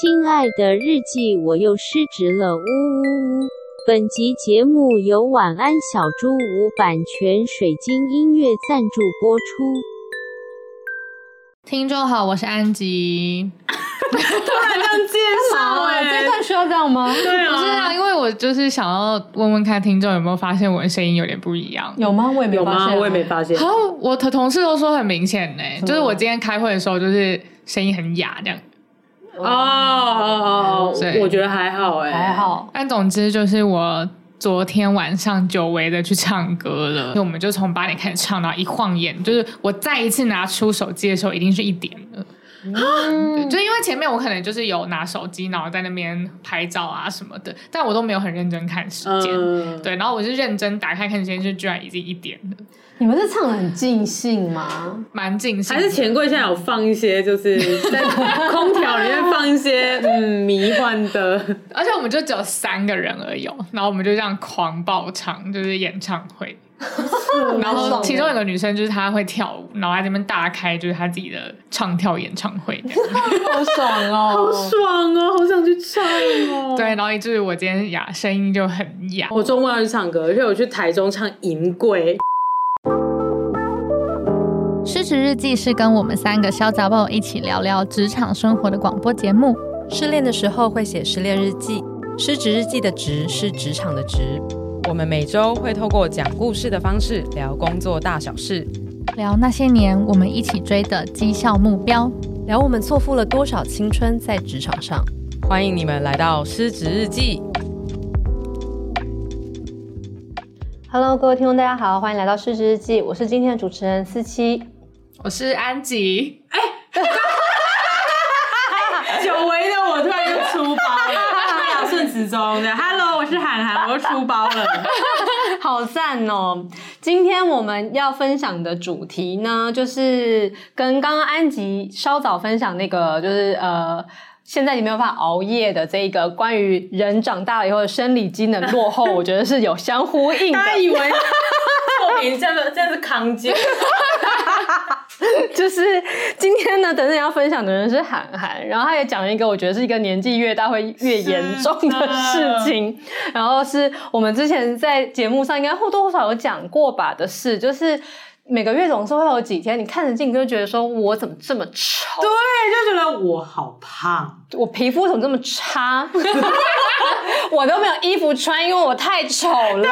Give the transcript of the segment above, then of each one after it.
親愛的日記，我又失職了，嗚嗚嗚！本集節目由晚安小豬無版權水晶音樂贊助播出。聽眾好，我是安吉。突然這樣介紹、 欸，這算需要這樣嗎？ 對啊，不是啊，因為我就是想要問問看聽眾有沒有發現我的聲音有點不一樣。有嗎？我也沒有嗎？我也沒發現。然後我的同事都說很明顯呢、欸，就是我今天開會的時候，就是聲音很啞這樣。哦哦哦，我覺得還好哎、欸，還好。但總之就是，我昨天晚上久違的去唱歌了，就我們就從八點開始唱，到一晃眼，就是我再一次拿出手機的時候，一定是一點了。啊、嗯！就因為前面我可能就是有拿手機，然後在那邊拍照啊什麼的，但我都沒有很認真看時間、嗯。對，然後我就認真打開看時間，就居然已經一點了。你們是唱的很盡興嗎？蠻盡興。還是錢櫃現在有放一些，就是在空調裡面放一些 嗯迷幻的，而且我們就只有三個人而已，然後我們就這樣狂爆唱，就是演唱會。然後其中有個女生就是她會跳舞，然後在這邊大開就是她自己的唱跳演唱會，好爽哦，喔，好爽哦，喔，好想去唱哦，喔。對，然後以至於我今天啞，聲音就很啞。我周末要去唱歌，而且我去台中唱銀櫃。失職日記是跟我們三個小雜寶一起聊聊職場生活的廣播節目。失戀的時候會寫失戀日記，失職日記的職是職場的職。我們每週會透過講故事的方式聊工作大小事，聊那些年我們一起追的績效目標，聊我們錯付了多少青春在職場上。歡迎你們來到《失職日記》。Hello，各位聽眾，大家好，歡迎來到《失職日記》，我是今天的主持人思琪，我是安吉。哎、欸， 久違的我突然就出發了，順 時鐘的。 是喊喊我要出包了。 好贊哦！今天我們要分享的主題呢，就是跟剛剛安吉稍早分享那個，就是呃，現在你沒有辦法熬夜的這一個關於人長大了以後的生理機能落後， 我覺得是有相呼應的。 以為 你這樣子，這樣子，扛肩， 就是今天呢，等等要分享的人是喊涵，然後他也講了一個我覺得是一個年紀越大會越嚴重的事情的，然後是我們之前在節目上應該或多或少有講過吧的事，就是。每個月總是會有幾天，你看着鏡子就覺得說：“我怎麼這麼醜？”對，就覺得我好胖，我皮膚怎麼這麼差？ 我都沒有衣服穿，因為我太醜了，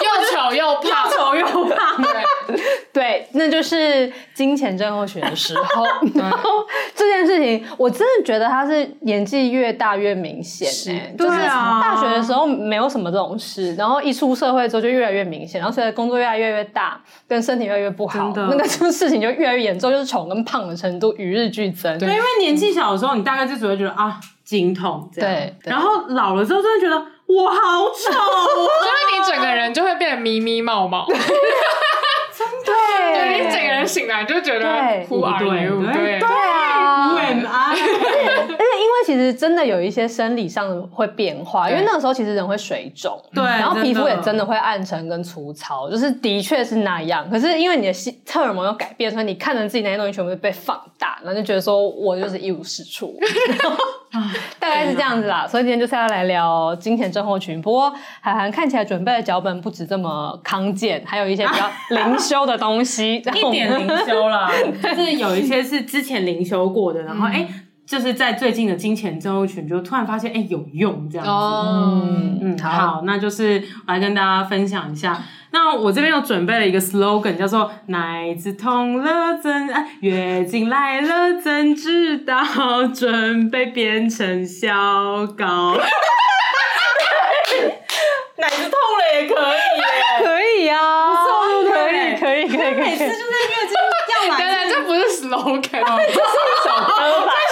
又醜又胖，醜又胖。 對，那就是經前症候群的時候 對。然後這件事情，我真的覺得他是年紀越大越明顯、欸。是，啊、就是。大學的時候沒有什麼這種事、啊，然後一出社會之後就越來越明顯，然後隨着工作越來越大，跟身體越來越不好，那個就事情就越來越嚴重，就是醜跟胖的程度與日俱增。對，對對嗯、因為年紀小的時候，你大概就只會覺得啊，經痛。對。然後老了之後，真的覺得我好醜、啊， 所以你整個人就會變得咪咪毛毛。對。 對，對，你整個人醒來就覺得哭啊，對對。對對對其實真的有一些生理上會變化，因為那個時候其實人會水腫，對，然後皮膚也真的會暗沉跟粗糙，就是的確是那樣。可是因為你的荷爾蒙有改變，所以你看着自己那些東西全部被放大，然後就覺得說我就是一無是處。 大概是這樣子啦。所以今天就是要來聊經前症候群。不過喊涵看起來準備的腳本不止這麼康健，還有一些比較靈修的東西，啊、 一點靈修啦，就是有一些是之前靈修過的，然後哎。嗯欸.就是在最近的經前症候群，就突然發現，哎、欸，有用這樣子。Oh. 嗯好，好，那就是我來跟大家分享一下。那我這邊又準備了一個 slogan，叫做“奶子痛了怎愛，月經來了怎知道，準備變成小高”。奶子痛了也、欸 可，以啊、可以，可以呀，不可以可以，可以可以。我每次就是月經 要來哪，對 這不是 slogan，這 是什麼？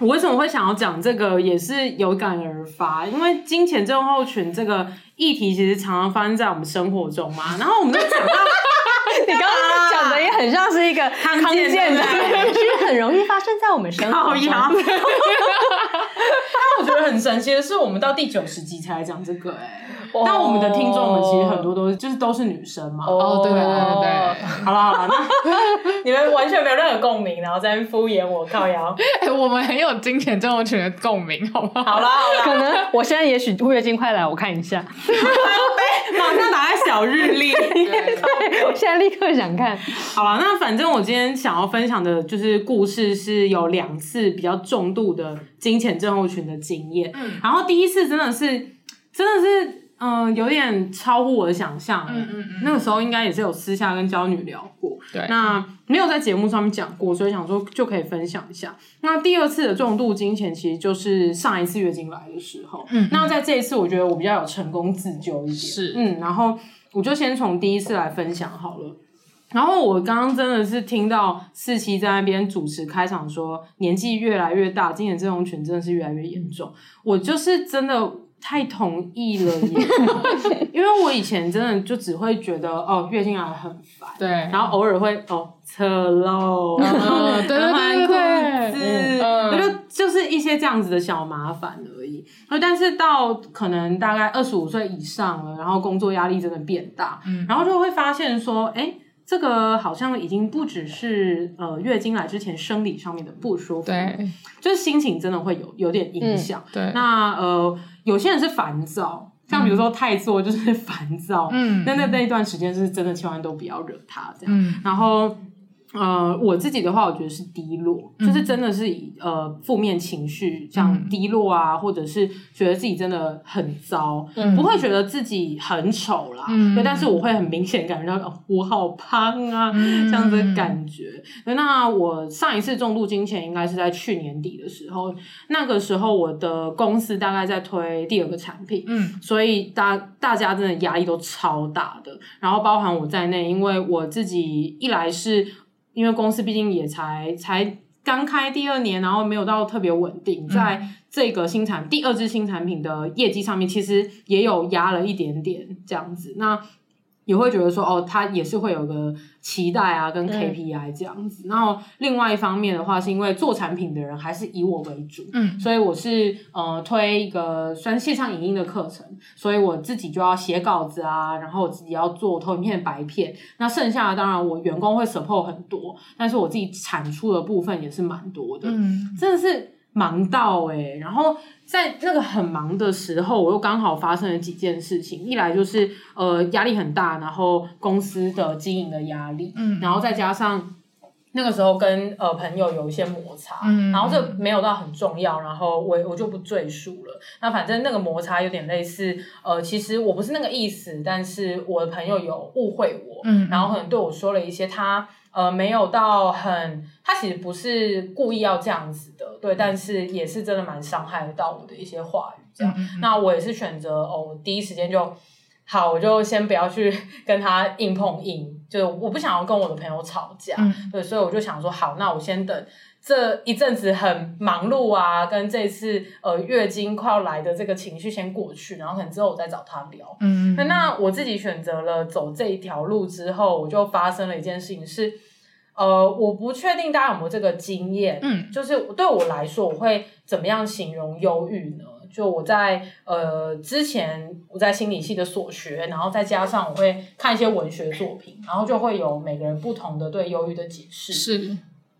我為什麼會想要講這個，也是有感而發，因為經前症候群這個議題其實常常發生在我們生活中嘛。 然後我們就講到， 你剛剛講的也很像是一個康健的，康健的，其實很容易發生在我們生活當中。牙 但我覺得很神奇的是，我們到第九十集才來講這個哎、欸。那、oh, 我們的聽眾，們其實很多都是就是都是女生嘛。哦、oh, 啊，對啊，對。好了好了。那 完全沒有任何共鳴，然後在敷衍我，靠腰，謠。哎，我們很有經前症候群的共鳴，好不好？好了好了，可能我現在也許月經快來，我看一下， 馬上打開小日曆，我現在立刻想看。好了，那反正我今天想要分享的就是故事是有兩次比較重度的經前症候群的經驗，嗯，然後第一次真的是真的是。嗯，有點超乎我的想象。嗯嗯嗯，那個時候應該也是有私下跟驕女聊過。對，那沒有在節目上面講過，所以想說就可以分享一下。那第二次的重度經前其實就是上一次月經來的時候。嗯，嗯，那在這一次，我覺得我比較有成功自救。一點，是，嗯，然後我就先從第一次來分享好了。然後我剛剛真的是聽到四七在那邊主持開場說，年紀越來越大，經前症候群真的是越來越嚴重、嗯。我就是真的。太同意了耶，因 為因為我以前真的就只會覺得哦，月經來很煩，對，然後偶爾會哦、側漏，嗯嗯，對對對對，工、嗯、資，我就就是一些這樣子的小麻煩而已。那、嗯、但是到可能大概二十五歲以上了，然後工作壓力真的變大，嗯，然後就會發現說，哎、欸。這個好像已經不只是呃月經來之前生理上面的不舒服，對，就是心情真的會有有點影響。嗯、對，那呃有些人是煩躁，像比如說太作，就是煩躁，嗯，但那那那一段時間是真的千萬都不要惹他這樣，嗯、然後。呃，我自己的話，我覺得是低落，嗯、就是真的是以呃負面情緒，像低落啊、嗯，或者是覺得自己真的很糟，嗯、不會覺得自己很醜啦、嗯對，但是我會很明顯感覺到我好胖啊、嗯，這樣子的感覺、嗯。那我上一次重度經前應該是在去年底的時候，那個時候我的公司大概在推第二個產品，嗯，所以大家大家真的壓力都超大的，然後包含我在內，因為我自己一來是。因為公司畢竟也才才剛開第二年，然後沒有到特別穩定，嗯、在這個新產第二支新產品的業績上面，其實也有壓了一點點這樣子。那也會覺得說，哦，他也是會有個期待啊，跟 KPI 這樣子。然後另外一方面的話，是因為做產品的人還是以我為主，嗯，所以我是呃推一個算線上影音的課程，所以我自己就要寫稿子啊，然後我自己要做投影片、白片。那剩下的當然我員工會 support 很多，但是我自己產出的部分也是蠻多的，嗯，真的是。忙到誒、欸、然後在那個很忙的時候，我又剛好發生了幾件事情。一來就是呃壓力很大，然後公司的經營的壓力，嗯，然後再加上那個時候跟呃朋友有一些摩擦，嗯，然後這沒有到很重要，然後我我就不贅述了。那反正那個摩擦有點類似，呃，其實我不是那個意思，但是我的朋友有誤會我，嗯，然後可能對我說了一些他。呃，沒有到很，他其實不是故意要這樣子的，對，但是也是真的蠻傷害到我的一些話語這樣，嗯。那我也是選擇哦，第一時間就好，我就先不要去跟他硬碰硬，就我不想要跟我的朋友吵架，嗯、對，所以我就想說，好，那我先等。這一陣子很忙碌啊，跟這次呃月經快要來的這個情緒先過去，然後可能之後我再找他聊。嗯，嗯，嗯。那，那我自己選擇了走這一條路之後，我就發生了一件事情是，是呃，我不確定大家有沒有這個經驗。嗯，就是對我來說，我會怎麼樣形容憂鬱呢？就我在呃之前我在心理系的所學，然後再加上我會看一些文學作品，然後就會有每個人不同的對憂鬱的解釋。是。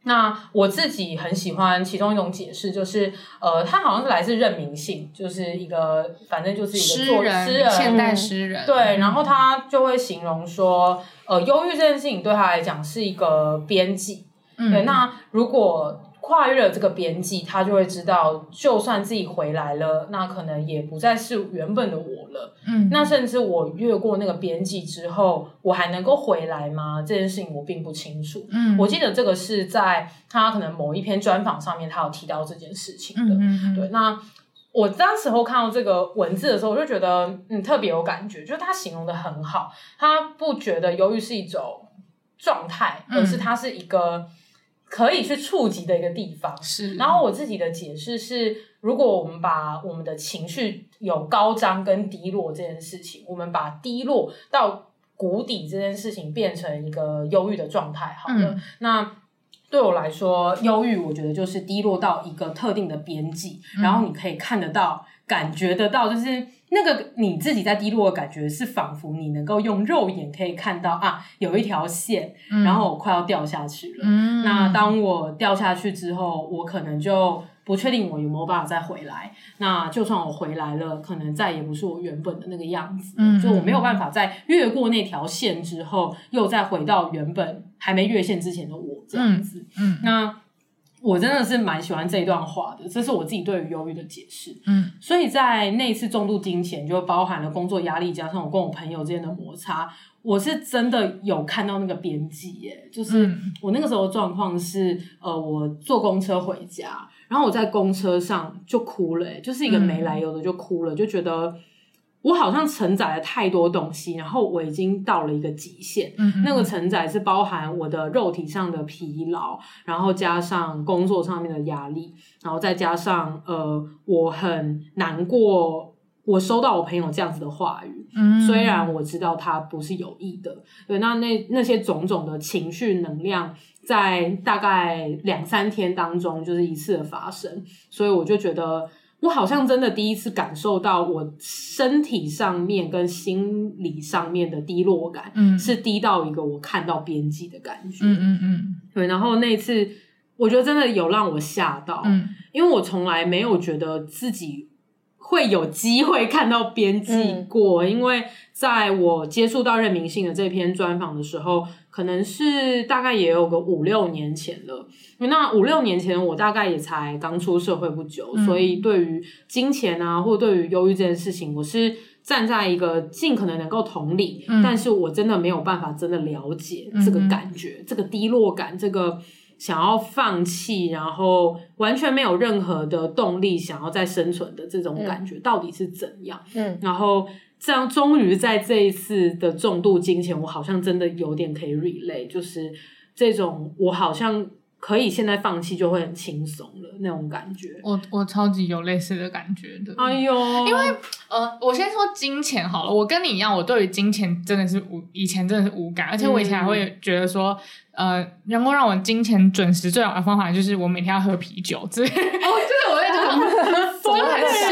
那我自己很喜歡其中一種解釋，就是呃，他好像是來自任明信，就是一個反正就是一個詩人、人，現代詩人對、嗯，然後他就會形容說，呃，憂鬱這件事情對他來講是一個邊際、嗯，對，那如果，跨越了這個邊際，他就會知道，就算自己回來了，那可能也不再是原本的我了。嗯，那甚至我越過那個邊際之後，我還能夠回來嗎？這件事情我並不清楚。嗯，我記得這個是在他可能某一篇專訪上面，他有提到這件事情的。嗯哼哼，對，那我當時候看到這個文字的時候，我就覺得嗯特別有感覺，就是他形容得很好。他不覺得憂鬱是一種狀態，而是他是一個。可以去觸及的一個地方是，然後我自己的解釋是，如果我們把我們的情緒有高漲跟低落這件事情，我們把低落到谷底這件事情變成一個憂鬱的狀態，好了、嗯，那對我來說，憂鬱我覺得就是低落到一個特定的邊際，嗯、然後你可以看得到、感覺得到，就是。那個你自己在低落的感覺，是仿佛你能夠用肉眼可以看到啊，有一條線、嗯，然後我快要掉下去了、嗯。那當我掉下去之後，我可能就不確定我有沒有辦法再回來。那就算我回來了，可能再也不是我原本的那個樣子、嗯，就我沒有辦法再越過那條線之後，又再回到原本還沒越線之前的我這樣子。嗯，嗯那。我真的是蠻喜歡這段話的，這是我自己對於憂鬱的解釋。嗯，所以在那一次重度經前就包含了工作壓力，加上我跟我朋友之間的摩擦，我是真的有看到那個邊際、欸、就是我那個時候的狀況是，呃，我坐公車回家，然後我在公車上就哭了、欸，就是一個沒來由的就哭了，就覺得。我好像承載了太多東西，然後我已經到了一個極限、嗯。那個承載是包含我的肉體上的疲勞，然後加上工作上面的壓力，然後再加上呃，我很難過。我收到我朋友這樣子的話語、嗯，雖然我知道他不是有意的，對那那那些種種的情緒能量，在大概兩三天當中就是一次的發生，所以我就覺得。我好像真的第一次感受到我身體上面跟心理上面的低落感，嗯，是低到一個我看到邊際的感覺。嗯嗯嗯，對。然後那次我覺得真的有讓我嚇到，嗯，因為我從來沒有覺得自己。會有機會看到編輯過、嗯，因為在我接觸到任明信的這篇專訪的時候，可能是大概也有個五六年前了。那五六年前我大概也才剛出社會不久，嗯、所以對於金錢啊，或者對於憂鬱這件事情，我是站在一個盡可能能夠同理、嗯，但是我真的沒有辦法真的了解這個感覺，嗯、這個低落感，這個。想要放棄，然後完全沒有任何的動力，想要再生存的這種感覺、嗯、到底是怎樣？嗯，然後這樣，終於在這一次的重度經前，我好像真的有點可以 relate，就是這種我好像。可以現在放棄就會很輕鬆的那種感覺，我我超級有類似的感覺的。哎呦，因為呃，我先說金錢好了，嗯、我跟你一樣，我對於金錢真的是無，以前真的是無感，而且我以前還會覺得說，嗯、呃，能夠讓我金錢準時最好的方法就是我每天要喝啤酒。對哦，就 是我在狂喝瘋。啊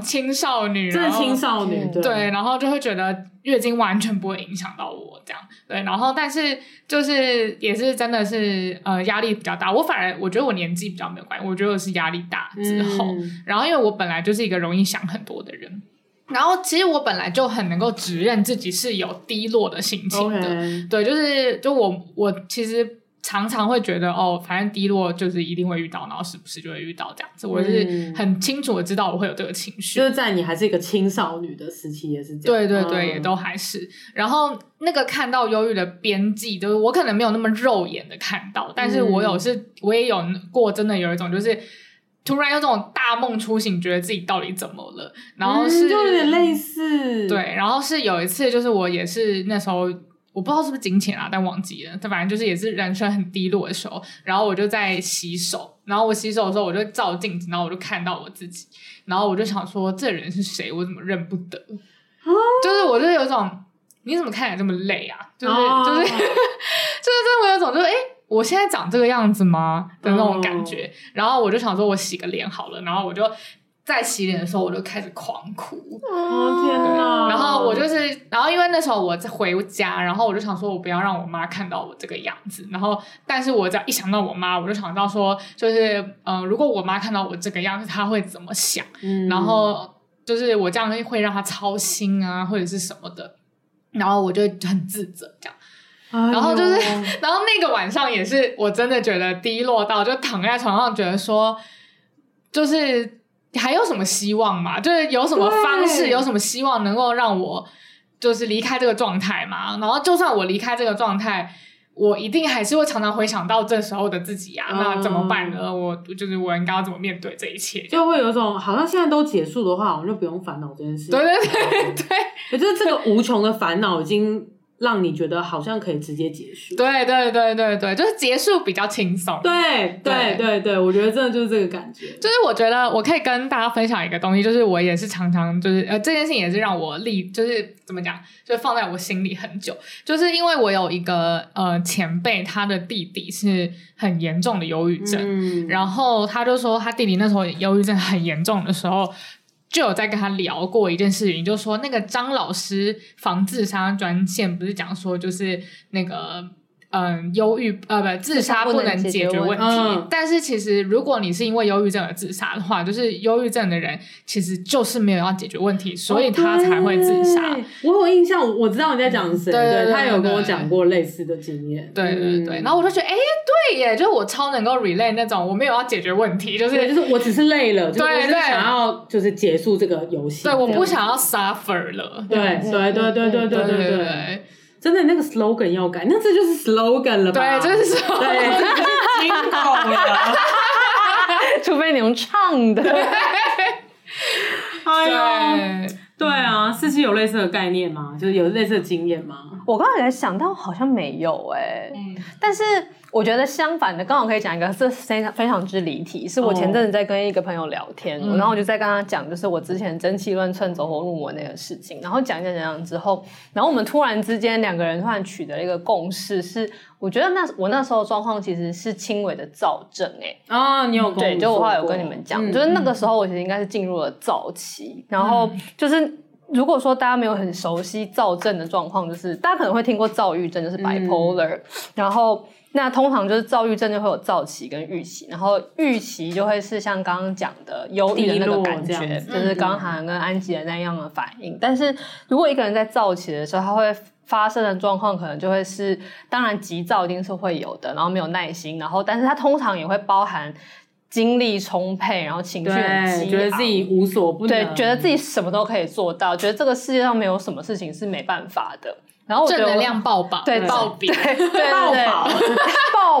青少女，真的青少女對，對，對，然後就會覺得月經完全不會影響到我這樣，對，然後但是就是也是真的是呃壓力比較大，我反而我覺得我年紀比較沒有關係，我覺得我是壓力大之後、嗯，然後因為我本來就是一個容易想很多的人，然後其實我本來就很能夠指認自己是有低落的心情的，okay. 對，就是就我我其實。常常會覺得哦，反正低落就是一定會遇到，然後時不時就會遇到這樣子。我是很清楚的知道我會有這個情緒、嗯，就是在你還是一個青少女的時期也是這樣。對對對，嗯、也都還是。然後那個看到憂鬱的邊際，就是我可能沒有那麼肉眼的看到，但是我有是、嗯，我也有過真的有一種，就是突然有這種大夢初醒，覺得自己到底怎麼了？然後是、嗯、就有點類似，對。然後是有一次，就是我也是那時候。我不知道是不是經前啊，但忘記了。但反正就是也是人生很低落的時候，然後我就在洗手，然後我洗手的時候我就照鏡子，然後我就看到我自己，然後我就想說，這人是誰，我怎麼認不得？嗯、就是我就是有一種你怎麼看起來這麼累啊？就是、哦、就是 就是我有種就是誒、欸，我現在長這個樣子嗎的那種感覺、哦？然後我就想說我洗個臉好了，然後我就在洗臉的時候我就開始狂哭。嗯那時候我在回家，然後我就想說，我不要讓我媽看到我這個樣子。然後，但是我只要一想到我媽，我就想到說，就是嗯、呃，如果我媽看到我這個樣子，她會怎麼想、嗯？然後就是我這樣會讓她操心啊，或者是什麼的。然後我就很自責這樣。哎、然後就是，然後那個晚上也是，我真的覺得低落到，就躺在床上，覺得說，就是還有什麼希望嘛？就是有什麼方式，有什麼希望能夠讓我。就是離開這個狀態嘛，然後就算我離開這個狀態，我一定還是會常常回想到這時候的自己呀、啊嗯。那怎麼辦呢？我就是我應該要怎麼面對這一切？就會有種好像現在都結束的話，我就不用煩惱這件事。對對對對，對，對，我覺得這個無窮的煩惱已經。 讓你覺得好像可以直接結束。對對對對對，就是結束比較輕鬆。對對，對對對，我覺得真的就是這個感覺。就是我覺得我可以跟大家分享一個東西，就是我也是常常就是呃，這件事情也是讓我立，就是怎麼講，就是放在我心裡很久。就是因為我有一個呃前輩，他的弟弟是很嚴重的憂鬱症、嗯，然後他就說他弟弟那時候憂鬱症很嚴重的時候。就有在跟他聊過一件事情，就是說那個張老師防自殺專線，不是講說就是那個。嗯，憂鬱，呃，不，自殺不能解決問題。嗯、但是其實，如果你是因為憂鬱症而自殺的話，就是憂鬱症的人其實就是沒有要解決問題，所以他才會自殺、哦。我有印象，我知道你在講誰，對，對，對，他有跟我講過類似的經驗、嗯。對對對，然後我就覺得，哎、欸，對耶，就是我超能夠 relate 那種，我沒有要解決問題，就是就是我只是累了，對對對就是、我是想要就是結束這個遊戲。對，我不想要 suffer 了。對對對對對對對。對對對對對。真的，那個 slogan 要改，那這就是 slogan 了吧？對，就是 slogan，聽懂了。 除非你用唱的。哎對，對，對啊，四、嗯、七有類似的概念嗎？就是有類似的經驗嗎？我剛才想到好像沒有哎、欸，嗯，但是。我覺得相反的，剛好可以講一個，是非常非常之離題。是我前陣子在跟一個朋友聊天，哦、然後我就在跟他講，就是我之前真氣亂竄、走火入魔那個事情。然後講講講講之後，然後我們突然之間兩個人突然取得一個共識，是我覺得那我那時候狀況其實是輕微的躁症誒、欸、啊，你有過對、嗯，就我後來有跟你們講、嗯，就是那個時候我其實應該是進入了躁期。然後就是如果說大家沒有很熟悉躁症的狀況，就是大家可能會聽過躁鬱症，就是 bipolar、嗯、然後。那通常就是躁鬱症就會有躁期跟鬱期，然後鬱期就會是像剛剛講的憂鬱的那個感覺，就是剛好跟安吉那樣的反應、嗯。但是如果一個人在躁期的時候，他會發生的狀況可能就會是，當然急躁一定是會有的，然後沒有耐心，然後但是他通常也會包含精力充沛，然後情緒很急，覺得自己無所不能，對，覺得自己什麼都可以做到，覺得這個世界上沒有什麼事情是沒辦法的。然後正能量爆爆，對，對，對，對爆對對對爆，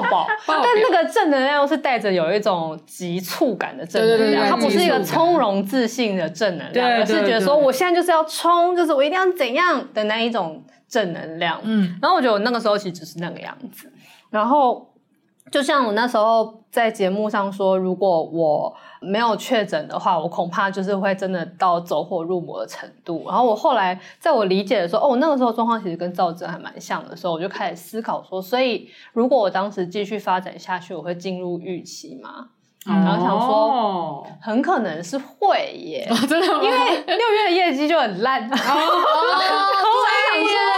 爆爆，爆爆，但那個正能量是帶着有一種急促感的正能量，對對對，它不是一個從容自信的正能量，對對對對對，而是覺得說我現在就是要衝，就是我一定要怎樣的那一種正能量。嗯，然後我覺得我那個時候其實是那個樣子。然後就像我那時候在節目上說，如果我。沒有確診的話，我恐怕就是會真的到走火入魔的程度。然後我後來在我理解的時候，哦，我那個時候狀況其實跟趙哲還蠻像的時候，我就開始思考說，所以如果我當時繼續發展下去，我會進入預期嗎？嗯，然後想說，哦，很可能是會耶，哦，真的，因為六月的業績就很爛，哦 哦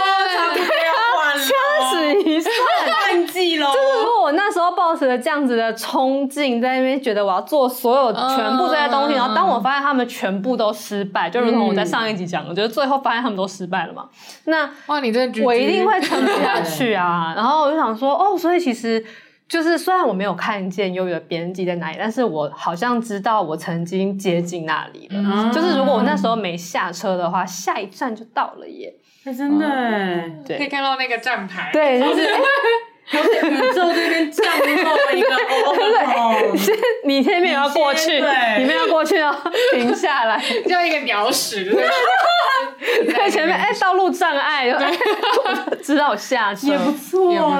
你算淡季了。 就是如果我那時候抱持了這樣子的衝勁，在那邊覺得我要做所有全部這些東西，然後當我發現他們全部都失敗，uh -huh. 就如同我在上一集講的，就、uh、是 -huh. 最後發現他們都失敗了嘛。那、啊、哇，你這我一定會撐不下去啊！然後我就想說，哦，所以其實就是雖然我沒有看見優裕的編輯在哪裡，但是我好像知道我曾經接近那裡了。Uh -huh. 就是如果我那時候沒下車的話，下一站就到了耶。是、欸、真的、欸 oh, 對，可以看到那個站牌，對就是且我宇宙這邊降落後的一個 O，、哦哦、你前面也要過去，你們要過去哦，要去 停下來，就一個鳥屎，對，前面哎、欸，道路障礙，知道我 下去也不錯啦,不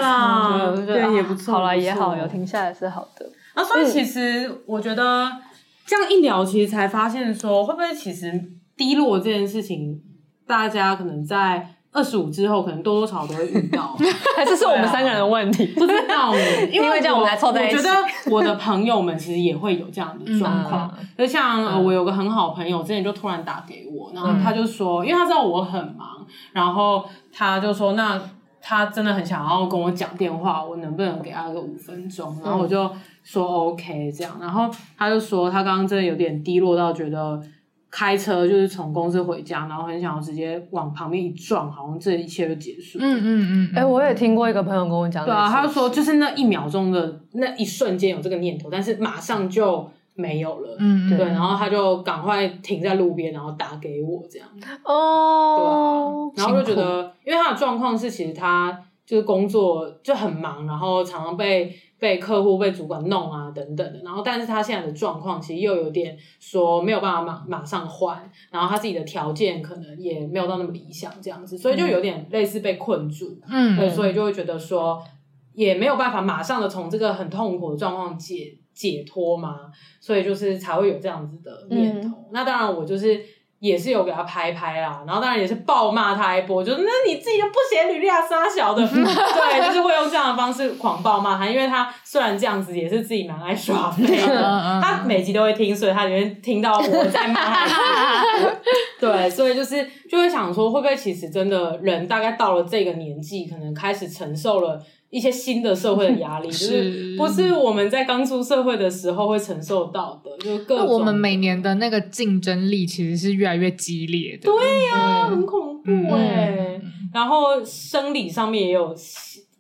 錯啦對、啊，對，也不錯啦，好了也好，有停下來是好的。啊，所以其實我覺得、嗯、這樣一聊，其實才發現說，會不會其實低落這件事情。大家可能在二十五之後，可能多多少少都會遇到。還、 啊、是我們三個人的問題，不知道因為這樣我們湊在一起。我覺得我的朋友們其實也會有這樣的狀況、嗯。就像我有個很好的朋友，之前就突然打給我，嗯、然後他就說、嗯，因為他知道我很忙，然後他就說，那他真的很想，要跟我講電話，我能不能給他個五分鐘？然後我就說 OK，這樣。然後他就說，他剛剛真的有點低落到覺得。開車就是從公司回家，然後很想要直接往旁邊一撞，好像這一切就結束。嗯嗯嗯。哎、嗯欸嗯，我也聽過一個朋友跟我講、嗯那個。對啊，他就說就是那一秒鐘的那一瞬間有這個念頭，但是馬上就沒有了。嗯嗯。對嗯，然後他就趕快停在路邊，然後打給我這樣。哦、嗯。對、啊、然後就覺得，因為他的狀況是，其實他就是工作就很忙，然後常常被。被客戶被主管弄啊，等等的。然後，但是他現在的狀況其實又有點說沒有辦法馬馬上換，然後他自己的條件可能也沒有到那麼理想這樣子，所以就有點類似被困住、啊，嗯對，所以就會覺得說也沒有辦法馬上的從這個很痛苦的狀況解解脫嘛，所以就是才會有這樣子的念頭。嗯、那當然，我就是。也是有給他拍拍啦，然後當然也是暴罵他一波，就是那你自己就不寫履歷啊，撒小的， 對，就是會用這樣的方式狂暴罵他，因為他雖然這樣子，也是自己蠻愛耍廢的， 他每集都會聽，所以他裡面聽到我在罵他一波， 對，所以就是就會想說，會不會其實真的人大概到了這個年紀，可能開始承受了。一些新的社會的壓力， 就是不是我們在剛出社會的時候會承受到的，就各種。那我們每年的那個競爭力其實是越來越激烈的，對呀、啊嗯，很恐怖哎、欸嗯。然後生理上面也有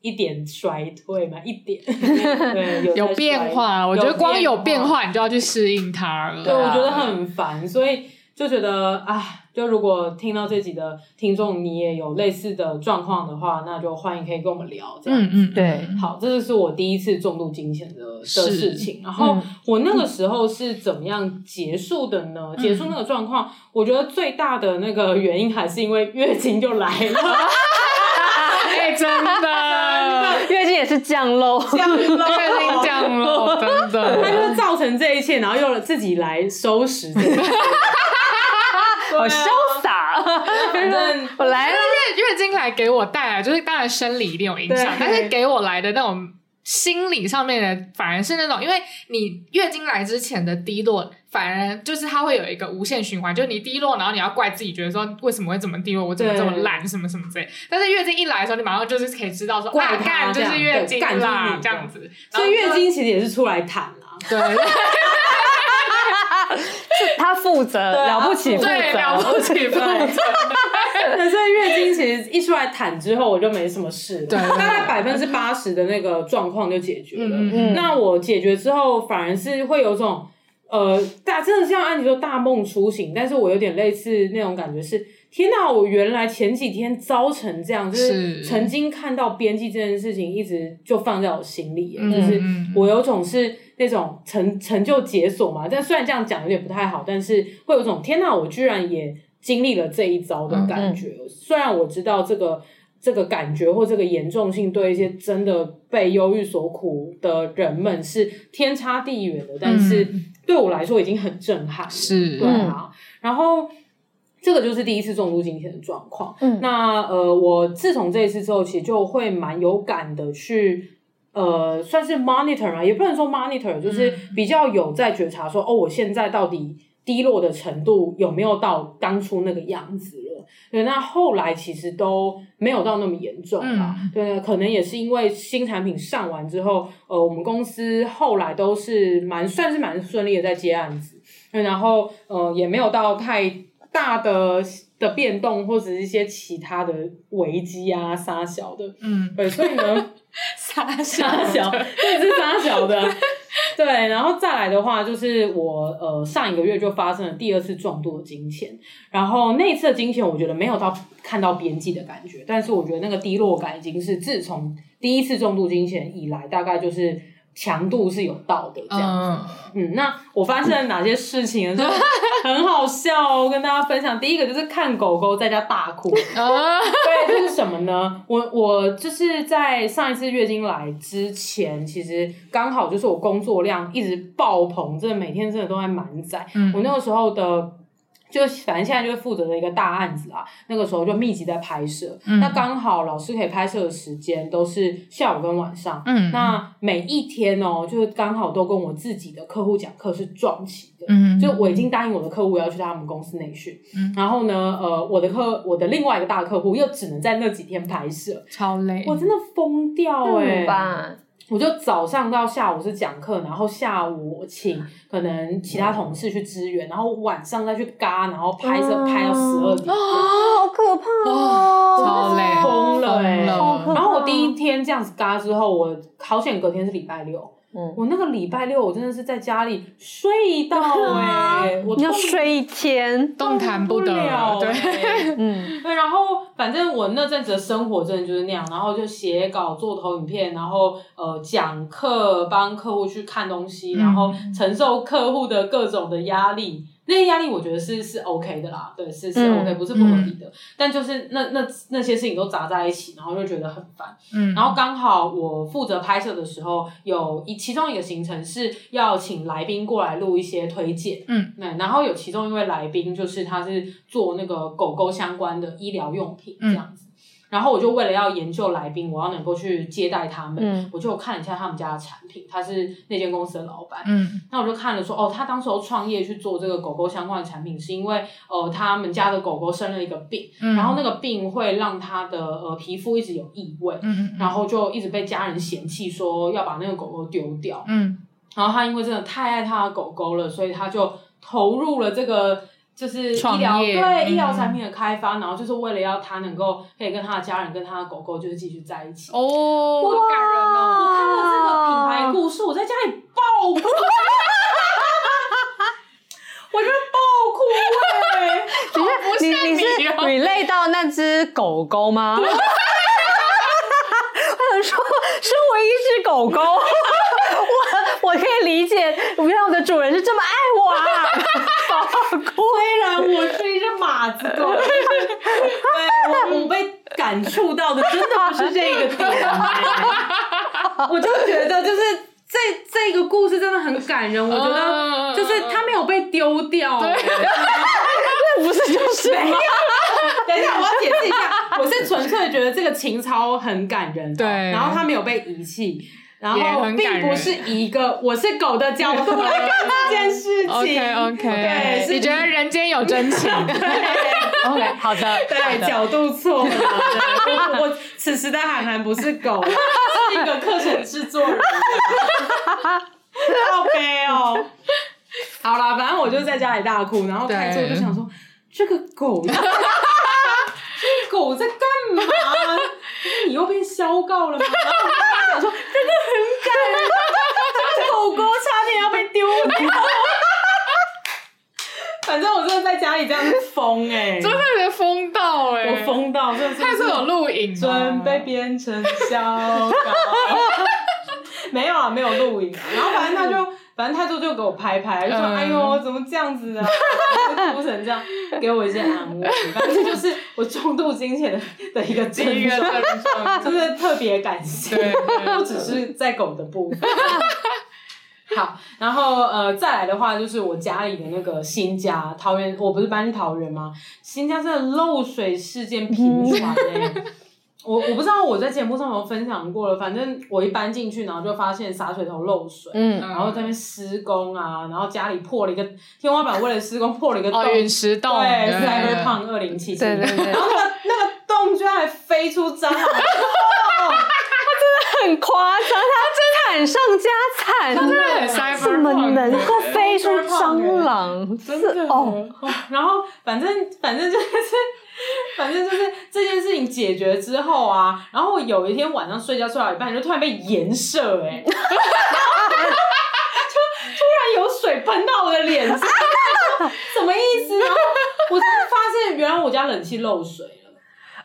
一點衰退嘛，一點。 對有有，有變化。我覺得光有變、有變化，你就要去適應它了。對，對啊、我覺得很煩，所以就覺得哎。唉就如果聽到這集的聽眾，你也有類似的狀況的話，那就歡迎可以跟我們聊。這樣子、嗯嗯、對，好，這就是我第一次重度經前的的事情。然後、嗯、我那個時候是怎麼樣結束的呢？嗯、結束那個狀況、嗯，我覺得最大的那個原因還是因為月經就來了。哎、 欸，真的， 月經也是降落，降落， 月經降落，真的，它就是造成這一切，然後又自己來收拾這個。 好瀟灑。嗯、反正，反正我來了月，月經來給我帶來就是當然生理一定有影響，但是給我來的那種心理上面的，反而是那種，因為你月經來之前的低落，反而就是它會有一個無限循環，就是你低落，然後你要怪自己，覺得說為什麼會這麼低落，我怎麼這麼懶，什麼什麼之類。但是月經一來的時候，你馬上就是可以知道說，啊啊、幹就是月經啦，幹這樣子。所以月經其實也是出來坦啦。對。對 他負責對。啊，了不起，負責，了不起，負責。 可是月經其實一出來坦之後，我就沒什麼事了， 大概百分之八十的那個狀況就解決了。 那我解決之後，反而是會有種 呃，大家真的像安吉說大夢初醒，但是我有點類似那種感覺是。天哪！我原來前幾天糟成這樣，就是曾經看到編輯這件事情，一直就放在我心裡。就是，是我有種是那種成成就解鎖嘛，但雖然這樣講有點不太好，但是會有種天哪！我居然也經歷了這一遭的感覺。嗯、雖然我知道這個這個感覺或這個嚴重性，對一些真的被憂鬱所苦的人們是天差地遠的，嗯、但是對我來說已經很震撼。是，對啊，嗯、然後。這個就是第一次重度驚險的狀況。嗯，那呃，我自從這一次之後，其實就會蠻有感的去，呃，算是 monitor 啊，也不能說 monitor，就是比較有在覺察說，嗯、哦，我現在到底低落的程度有沒有到當初那個樣子了？對，那後來其實都沒有到那麼嚴重了、啊嗯。對，可能也是因為新產品上完之後，呃，我們公司後來都是蠻算是蠻順利的在接案子，然後呃，也沒有到太。大的的變動或者是一些其他的危機啊，撒小的，嗯，對，所以呢，撒撒小，對，是撒小的。 對，然後再來的話就是我呃上一個月就發生了第二次重度的經前，然後那一次的經前我覺得沒有到看到邊際的感覺，但是我覺得那個低落感已經是自從第一次重度經前以來大概就是。強度是有到的這樣子，嗯，嗯，那我發現了哪些事情的時候很好笑，哦， 跟大家分享。第一個就是看狗狗在家大哭， 對，這，就是什麼呢？我我就是在上一次月經來之前，其實剛好就是我工作量一直爆棚，真的每天真的都在滿載。我那個時候的。就反正現在就是負責的一個大案子啊，那個時候就密集在拍攝、嗯，那剛好老師可以拍攝的時間都是下午跟晚上，嗯、那每一天哦、喔，就是剛好都跟我自己的客戶講課是撞期的、嗯，就我已經答應我的客戶要去他們公司內訓、嗯，然後呢，呃，我的客我的另外一個大客戶又只能在那幾天拍攝，超累，我真的瘋掉哎、欸。嗯我就早上到下午是講課，然後下午我請可能其他同事去支援、嗯，然後晚上再去嘎，然後拍攝、嗯、拍到十二點，啊、哦，好可怕啊、哦嗯，超累，瘋了哎，然後我第一天這樣子嘎之後，我好險隔天是禮拜六。嗯、我那個禮拜六，我真的是在家裡睡到哎、欸啊，你要睡一天，動彈不得，不得，對， 嗯，對、欸。然後反正我那陣子的生活真的就是那樣，然後就寫稿、做投影片，然後呃講課、幫客戶去看東西、嗯，然後承受客戶的各種的壓力。嗯嗯那些壓力我覺得是是 OK 的啦，對，是是 OK，不是不合理的，嗯嗯。但就是那那那些事情都砸在一起，然後就覺得很煩。嗯，然後剛好我負責拍攝的時候，有一其中一個行程是要請來賓過來錄一些推薦，嗯，對，然後有其中一位來賓就是他是做那個狗狗相關的醫療用品這樣子。嗯嗯然後我就為了要研究來賓，我要能夠去接待他們，嗯、我就看一下他們家的產品。他是那間公司的老闆，嗯、那我就看了說，哦，他當時候創業去做這個狗狗相關的產品，是因為呃，他們家的狗狗生了一個病，嗯、然後那個病會讓他的呃皮膚一直有異味、嗯嗯，然後就一直被家人嫌棄，說要把那個狗狗丟掉、嗯。然後他因為真的太愛他的狗狗了，所以他就投入了這個。就是醫療對醫療產品的開發、嗯，然後就是為了要他能夠可以跟他的家人、嗯、跟他的狗狗就是繼續在一起。Oh, 哦，多感人啊！我看到這個品牌故事，我在家裡爆哭， 我就是爆哭嘞、欸 喔！你你你你 relate 到那只狗狗嗎？ 我是說，身為一只狗狗？ 我可以理解，我的主人是這麼愛我啊！雖然 我是一只馬子狗， 我我被感觸到的真的不是這個點， 我就覺得就是這這個故事真的很感人。 我覺得就是它沒有被丟掉， 對， 不是就是嗎？ 等一下，我要解釋一下，我是純粹覺得這個情操很感人，對，然後它沒有被遺棄。然後並不是一個我是狗的角度來幹 這件事情。 OK OK，對，你覺得人間有真情 ？OK 好的，對，角度錯了。 我，我此時的喊涵不是狗， 是一個課程制作人。OK，哦。好了，反正我就在家裡大哭，然後開之後就想說，這個狗， 這個狗在幹嘛？ 哎、你又被肖告了嗎？ 他說：“真的很感動，這個狗狗差點要被丟，你知道嗎？ 反正我真的在家裡這樣子瘋哎，真的瘋到哎、欸，我瘋到，這真的是，是有錄影、啊，準備變成小笑，， 沒有啊，沒有錄影，然後反正他就。嗯”反正太多就給我拍拍，嗯、說哎呦怎麼這樣子呢、啊？ 哭成這樣，給我一些安慰。反正就是我重度經前的一個症狀，就 是特別感謝，不 只是在狗的部分。 好，然後呃再來的話就是我家裡的那個新家桃園，我不是搬去桃園嗎？新家真的漏水事件頻傳哎。嗯 我我不知道我在節目上有沒有分享過了，反正我一搬進去，然後就發現灑水頭漏水，嗯、然後在那邊施工啊，然後家裡破了一個天花板，為了施工破了一個洞，哦、隕石洞，對，賽博龐克二零七七，然後那個 那個洞居然還飛出蟑螂，哈哈哈，他 真的很誇張，他真的很上加慘，他真的很，怎麼能夠飛出蟑螂，真的哦，哦，然後反正反正就是。反正就是這件事情解決之後啊，然後我有一天晚上睡覺睡到一半，就突然被顏射哎，就突然有水噴到我的臉上，什麼意思？然後我才發現原來我家冷氣漏水了。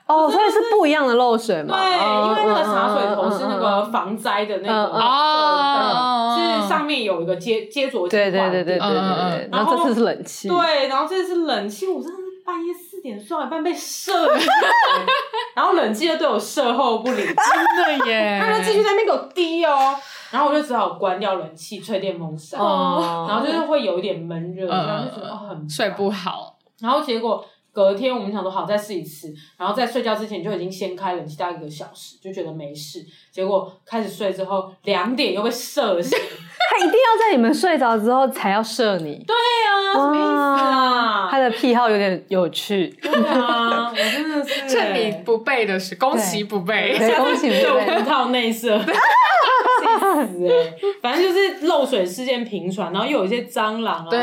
哦，所以是不一樣的漏水嘛？對，因為那個灑水頭是那個防災的那個哦，備，是上面有一個接接着。對對對對對對對。然後這次是冷氣。對，然後這次是冷氣，我真的是半夜四。臉霜一半被射了， 然後冷氣又對我射後不理， 真的耶！他說繼續在那邊給我滴哦，然後我就只好關掉冷氣，吹電風扇，哦、然後就是會有一點悶熱，然、呃、後就覺得哦很睡不好，然後結果。隔天我們想說好再試一次，然後在睡覺之前就已經先開了冷氣一個小時，就覺得沒事。結果開始睡之後，兩點又被射醒。 他一定要在你們睡着之後才要射你。對啊，什麼意思啊？他的癖好有點有趣。對啊， 我真的是趁你不備的是，恭喜不備，對恭喜我一套內射。對欸、反正就是漏水事件頻傳，然後又有一些蟑螂啊、蟲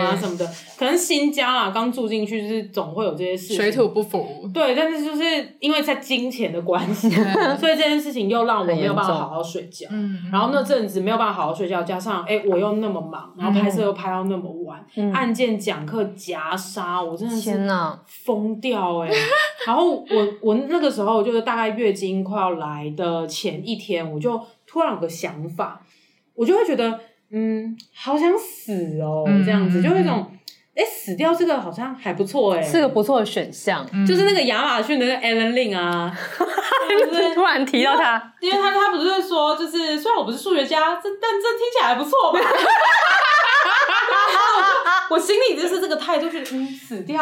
啊什麼的，可能新家啊，剛住進去就是總會有這些事情。水土不服。對，但是就是因為在金錢的關係，所以這件事情又讓我沒有辦法好好睡覺。嗯，然後那陣子沒有辦法好好睡覺，加上哎、欸、我又那麼忙，然後拍攝又拍到那麼晚，案件講課夾殺，我真的是瘋掉哎、欸。天啊、 然後我我那個時候就是大概月經快要來的前一天，我就。突然有個想法，我就會覺得，嗯，好想死哦，嗯、這樣子、嗯、就那種，哎、欸，死掉這個好像還不錯，哎，是個不錯的選項、嗯。就是那個亞馬遜的 Alan Lin 啊， 就是突然提到他，因為他他不是說，就是雖然我不是數學家，這但這聽起來還不錯吧 我，我心裡就是這個態度，覺得嗯，死掉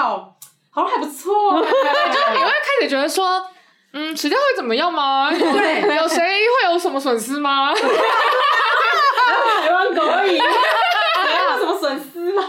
好像還不錯、欸， 就你會開始覺得說。嗯，死掉會怎麼樣嗎？對，有誰會有什麼損失嗎？然後養狗而已，有什麼損失嗎？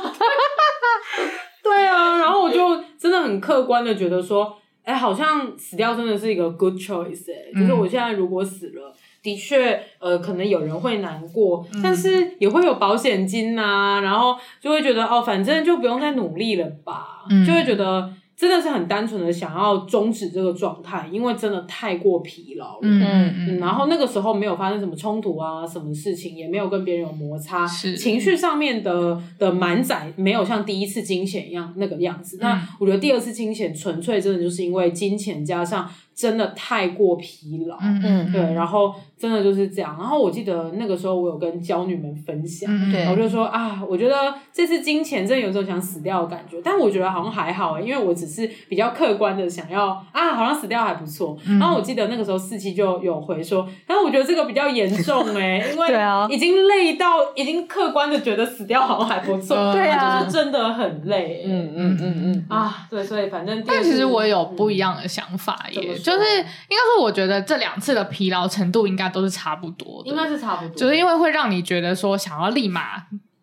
對啊，然後我就真的很客觀的覺得說，哎、欸，好像死掉真的是一個 good choice、欸、就是我現在如果死了，的確呃，可能有人會難過，但是也會有保險金啊。然後就會覺得哦，反正就不用再努力了吧、嗯，就會覺得。真的是很單純的想要終止這個狀態，因為真的太過疲勞了，嗯嗯。然後那個時候沒有發生什麼衝突啊，什麼事情也沒有跟別人有摩擦，情緒上面的的滿載沒有像第一次驚險一樣那個樣子，嗯。那我覺得第二次驚險純粹真的就是因為金錢加上。真的太過疲勞，嗯對，然後真的就是這樣。然後我記得那個時候我有跟驕女們分享，嗯、對，然後我就說啊，我覺得這次經前真的有種想死掉的感覺。但我覺得好像還好、欸，因為我只是比較客觀的想要啊，好像死掉還不錯。然後我記得那個時候47就有回說，但我覺得這個比較嚴重哎、欸，因為已經累到已經客觀的覺得死掉好像還不錯，對啊，就是真的很累、欸，嗯嗯嗯，嗯啊，對，所以反正第次但其實我有不一樣的想法，也、嗯。就是，應該說，我覺得這兩次的疲勞程度應該都是差不多的，應該是差不多。就是因為會讓你覺得說想要立馬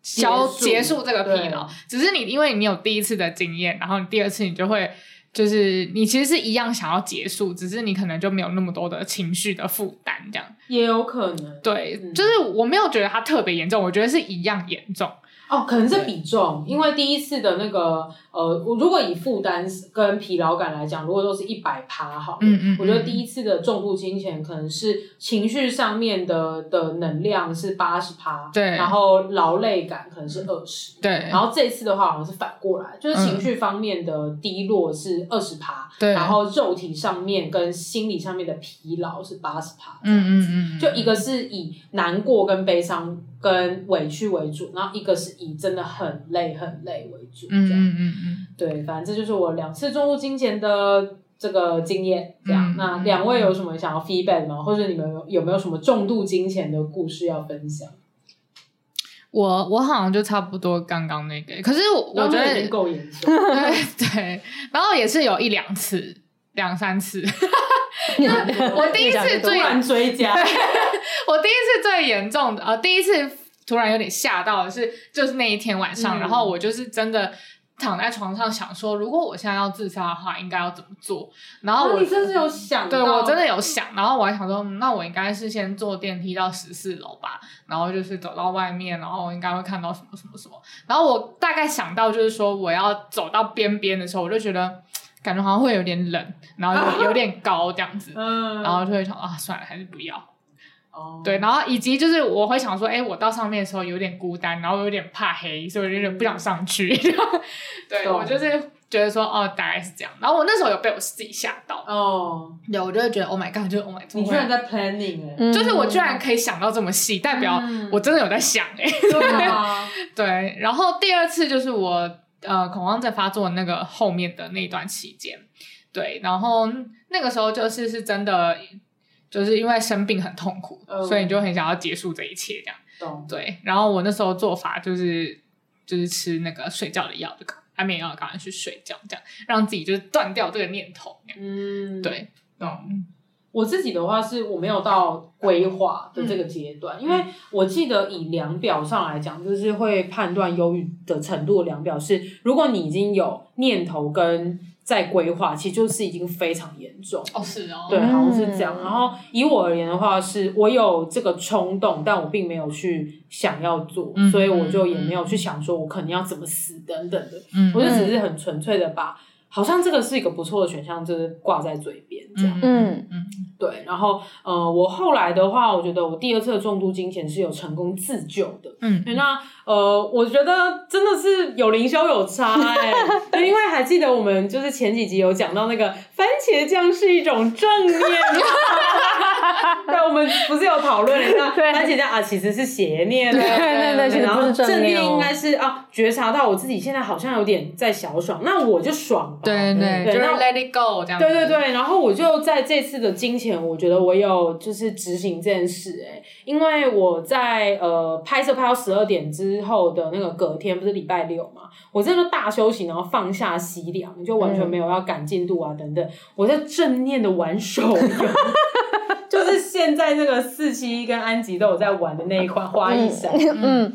消結束，結束這個疲勞，只是你因為你有第一次的經驗，然後你第二次你就會就是你其實是一樣想要結束，只是你可能就沒有那麼多的情緒的負擔，這樣也有可能。對，就是我沒有覺得它特別嚴重，我覺得是一樣嚴重。哦，可能是比重，因為第一次的那個，呃，我如果以負擔跟疲勞感來講，如果說是一百趴，好，嗯嗯，我覺得第一次的重度經前可能是情緒上面的的能量是八十趴，對，然後勞累感可能是二十，嗯，對，然後這次的話好像是反過來，就是情緒方面的低落是二十趴，對，然後肉體上面跟心理上面的疲勞是八十趴，嗯嗯嗯，就一個是以難過跟悲傷。跟委屈為主，然後一個是以真的很累很累為主這樣。嗯嗯嗯，對，反正這就是我兩次重度經前的這個經驗，這樣，嗯。那兩位有什麼想要 feedback 嗎？嗯嗯，或者你們有，有沒有什麼重度經前的故事要分享？我我好像就差不多剛剛那個，可是我覺得、哦、已經夠嚴重。 對對，然後也是有一兩次，兩三次。 我第一次追， 完追加。 我第一次最嚴重的，呃，第一次突然有點嚇到的是，就是那一天晚上，嗯，然後我就是真的躺在床上想說，如果我現在要自殺的話，應該要怎麼做？然後我，哦，你真是有想，對，我真的有想，然後我還想說，嗯、那我應該是先坐電梯到十四樓吧，然後就是走到外面，然後應該會看到什麼什麼什麼。然後我大概想到就是說，我要走到邊邊的時候，我就覺得感覺好像會有點冷，然後有，有點高這樣子，嗯、啊，然後就會想啊，算了，還是不要。Oh. 對，然後以及就是我會想說，哎，我到上面的時候有點孤單，然後有點怕黑，所以我就有點不想上去。Mm. 對，對我就是覺得說，哦，大概是這樣。然後我那時候有被我自己嚇到哦，有、oh.，我就會覺得，Oh my God，就是 Oh my，God, 你居然在 planning，、啊嗯、就是我居然可以想到這麼細，代表、嗯、我真的有在想哎、欸。對，啊、 對，然後第二次就是我呃恐慌症發作那個後面的那一段期間，對，然後那個時候就是是真的。就是因為生病很痛苦，嗯、所以你就很想要結束這一切，這樣。懂、嗯。對，然後我那時候做法就是，就是吃那個睡覺的藥，就安眠藥，趕快去睡覺，這樣讓自己就是斷掉這個念頭。嗯，對，懂、嗯嗯。我自己的話是，我沒有到規劃的這個階段、嗯，因為我記得以量表上來講，就是會判斷憂鬱的程度的量表是，如果你已經有念頭跟。在規劃，其實就是已經非常嚴重哦，是哦，對，嗯嗯，好像是這樣。然後以我而言的話，是我有這個衝動，但我並沒有去想要做，嗯嗯，所以我就也沒有去想說我可能要怎麼死等等的，嗯嗯，我就只是很純粹的把，好像這個是一個不錯的選項，就是掛在嘴邊這樣。嗯嗯。對，然後呃，我後來的話，我覺得我第二次的重度經前是有成功自救的。嗯，那呃，我覺得真的是有靈修有差哎、欸， 因為還記得我們就是前幾集有講到那個番茄醬是一種正念、啊， 但我們不是有討論，對， 番茄醬啊其實是邪念的，對對對，對，然後正念應該是啊，覺察到我自己現在好像有點在小爽，那我就爽、啊，對對對，就 let it go 這樣，對對對，然後我就在這次的經前。我覺得我有就是執行這件事哎、欸，因為我在呃拍攝拍到十二點之後的那個隔天不是禮拜六嘛，我真的就大休息，然後放下洗涼，就完全沒有要趕進度啊等等，嗯、我在正念的玩手遊， 就是現在這個四七跟安吉都有在玩的那一款花亦山、嗯，嗯，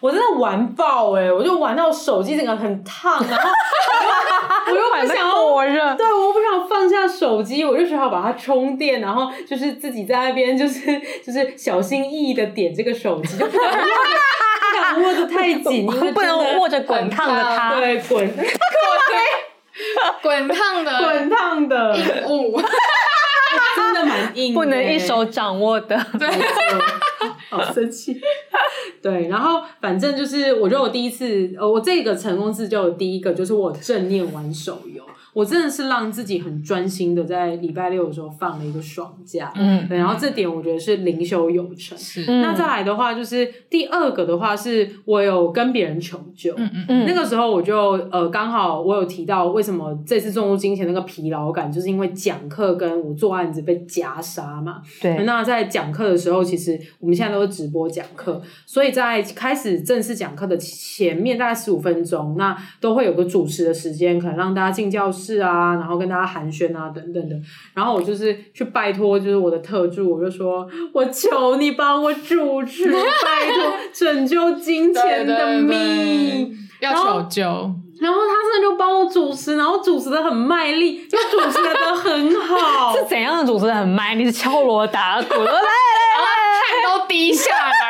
我真的玩爆哎、欸，我就玩到手機整個很燙啊。然後 我又不想握熱，對，我不想放下手機，我就只好把它充電，然後就是自己在那邊，就是就是小心翼翼的點這個手機，就不，握不敢握的太緊，不 能握着滾燙的它， 對，滾，對 滾燙的， 滾燙的硬物， 真的蠻硬欸，不能一手掌握的，對。 對好、哦、生氣， 對，然後反正就是，我覺得我第一次，呃，我這個成功事就有第一個，就是我正念玩手遊。我真的是讓自己很專心的，在禮拜六的時候放了一個爽假，嗯，對，然後這點我覺得是靈修有成。是、嗯，那再來的話，就是第二個的話，是我有跟別人求救，嗯嗯嗯。那個時候我就呃，剛好我有提到為什麼這次重度金錢那個疲勞感，就是因為講課跟我做案子被夾殺嘛。對。那在講課的時候，其實我們現在都是直播講課，嗯，所以在開始正式講課的前面大概十五分鐘，那都會有個主持的時間，可能讓大家進教室。是啊，然後跟大家寒暄啊，等等的。然後我就是去拜托，就是我的特助，我就說，我求你幫我主持，拜托拯救金錢的命 要求救。然後他真的就幫我主持，然後主持的很賣力，就主持的很好。 是怎樣的主持的很賣力？你是敲鑼打鼓的， 來，來，來來來， 都滴下來。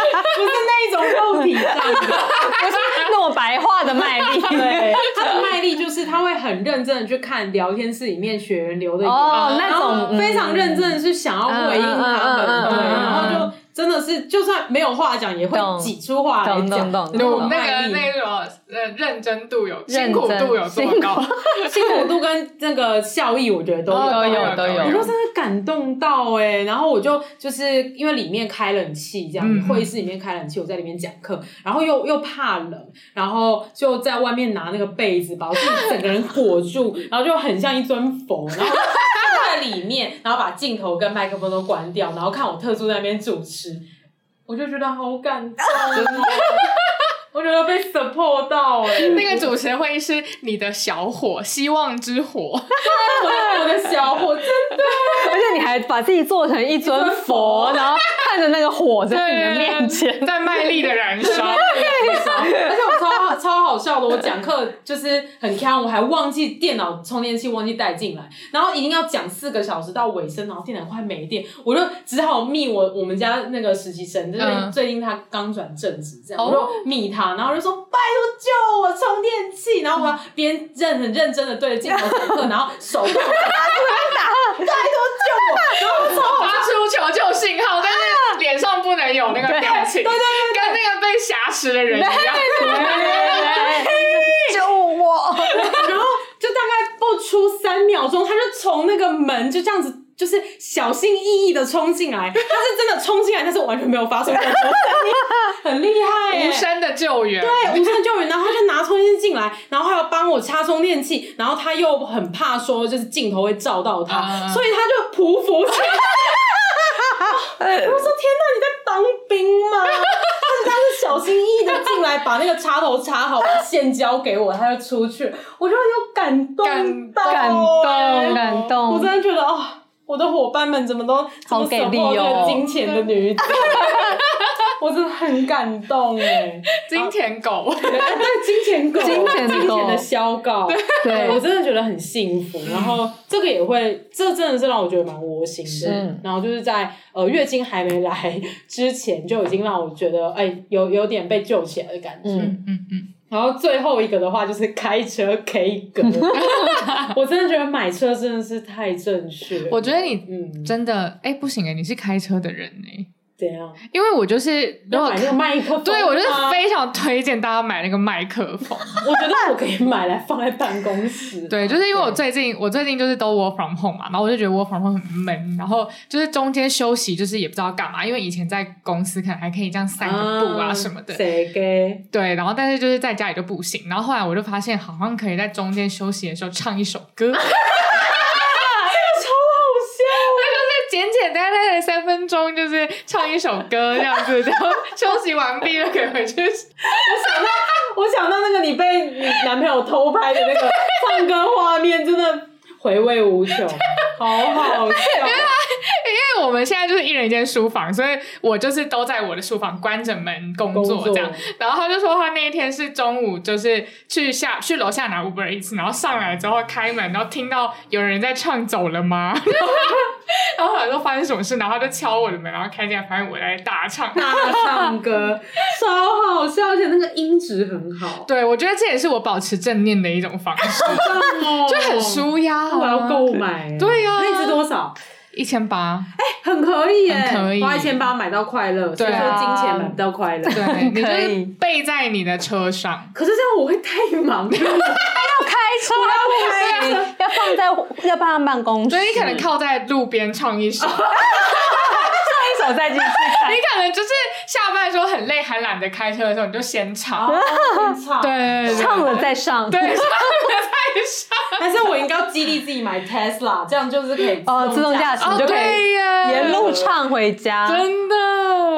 不是那種肉體上的， 啊、我是不是那種白話的賣力， 對，他的賣力就是他會很認真的去看聊天室裡面學員留的，哦，那種非常認真的是想要回應他們、嗯嗯嗯嗯嗯嗯，對，然後就。真的是，就算沒有話講，也會擠出話來講。努那個那個呃認真度有，辛苦度有多高，辛苦， 辛苦度跟那個效益我、哦，我覺得都都有都有。我說真的感動到哎、欸，然後我就就是因為裡面開冷氣，這樣、嗯、會議室裡面開冷氣，我在裡面講課，然後又又怕冷，然後就在外面拿那個被子把我自己整個人裹住， 然後就很像一尊佛，然後在裡面，然後把鏡頭跟麥克風都關掉，然後看我特助在那邊主持。我就覺得好感動，我覺得被 support 到了，欸。那個主持會是你的小火，希望之火， 對，我的小火，真的， 而且你還把自己做成一尊佛，一尊佛，然後看着那個火在你的面前，對對對，在賣力的燃燒。 超好笑的，我講課就是很坑，我還忘記電腦充電器忘記帶進來，然後一定要講四個小時到尾聲，然後電腦快沒電，我就只好密我我們家那個實習生，就是最近他剛轉正職，這樣、嗯、我就密他，然後就說、哦、拜託救我充電器，然後我要邊認很認真的對着鏡頭講課，然後手就發、嗯、 出求救信號，但是臉上不能有那個表情，對對對，對，對對，跟那個被挾持的人一樣。Okay. 救我。對，然後就大概不出三秒鐘，他就從那個門就這樣子，就是小心翼翼的衝進來。他是真的衝進來，但是完全沒有發生過，很厲害，無聲的救援。對，無聲救援，然後他就拿出東西進來，然後還要幫我插充電器，然後他又很怕說就是鏡頭會照到他，嗯、所以他就匍匐起來、 哎。我說：“天哪，你在當兵嗎？” 他是小心翼翼的進來，把那個插頭插好，把線交給我，啊，他就出去。我就有感動到，欸，感動，感動，我真的覺得，哦。我的夥伴們怎麼都都是抱着金錢的女子， 我真的很感動哎、欸，金錢狗， 狗，金錢狗，金錢的小狗，對，對我真的覺得很幸福。然後這個也會，嗯、這真的是讓我覺得蠻窩心的。然後就是在呃月經還沒來之前，就已經讓我覺得哎、欸、有有點被救起來的感覺，嗯嗯嗯。嗯然後最後一個的話就是開車 K 歌， 我真的覺得買車真的是太正確了。我覺得你嗯，真的，哎、嗯，不行哎，你是開車的人哎。這樣？因為我就是要買那個麥克風。對，我就是非常推薦大家買那個麥克風。 我覺得我可以買來放在辦公室。 對，就是因為我最近，oh, 我最近就是都 work from home 啊，然後我就覺得 work from home 很悶，然後就是中間休息就是也不知道幹嘛，因為以前在公司可能還可以這樣散個步啊什麼的，oh, 對，然後但是就是在家裡就不行，然後後來我就發現好像可以在中間休息的時候唱一首歌。 三分鐘就是唱一首歌這樣子，然後休息完畢了，可以回去。 我想到，我想到那個你被你男朋友偷拍的那個唱歌畫面，真的回味無窮。好好笑，因為因為我們現在就是一人一間書房，所以我就是都在我的書房關着門工作這樣作。然後他就說他那一天是中午，就是去下去樓下拿 Uber Eats，然後上來之後開門，然後聽到有人在唱走了嗎？ 然後他就說發生什麼事，然後他就敲我的門，然後看見發現我在大唱大，大唱歌， 超好笑，而且那個音質很好。對，我覺得這也是我保持正念的一種方式， 就很舒壓、啊啊。我要購買，對呀、哦。那值多少？一千八，哎、欸，很可以哎，可以。花一千八買到快樂，對啊，金錢買不到快樂，對，你 可以你背在你的車上。 可是這樣我會太忙，要開車， 要，開車要，開車要放在， 要，放在要放在辦公室，所以你可能靠在路邊唱一首。 再進去，你可能就是下班的時候很累還懶得開車的時候，你就先唱，啊、對,對,對，唱了再上， 對，唱了再上。但是我應該要激勵自己買 Tesla，這樣就是可以哦，自動駕駛就可以、哦、沿路唱回家，真的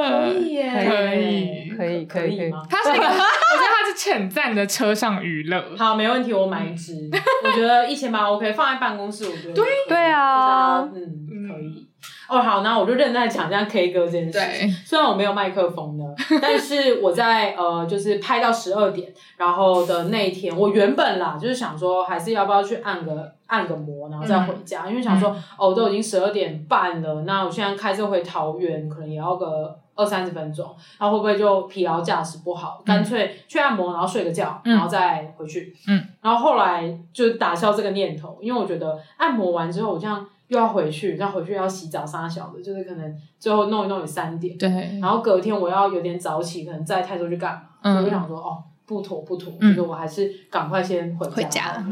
可以,可,以可,以可,以可以，可以，可以，可以嗎？他是那個，我覺得他是潛在的車上娛樂。好，沒問題，我買一支。 我覺得一千八 OK，放在辦公室我覺得對、嗯、對啊、嗯，嗯，可以。哦，好，那我就認真的講這樣 K 歌這件事情。對，雖然我沒有麥克風的， 但是我在呃，就是拍到十二點，然後的那一天，我原本啦就是想說，還是要不要去按個按個摩，然後再回家、嗯，因為想說，哦，都已經十二點半了，那我現在開車回桃園，可能也要個。二三十分鐘，他會不會就疲勞駕駛不好？嗯，乾脆去按摩，然後睡個覺，嗯，然後再回去。嗯，然後後來就打消這個念頭，因為我覺得按摩完之後，我這樣又要回去，那回去要洗澡，三小的，就是可能最後弄一弄也三點。對。然後隔天我要有點早起，可能在泰州去幹嘛？嗯。就想說哦，不妥不妥，就，嗯，是我還是趕快先回家，回家。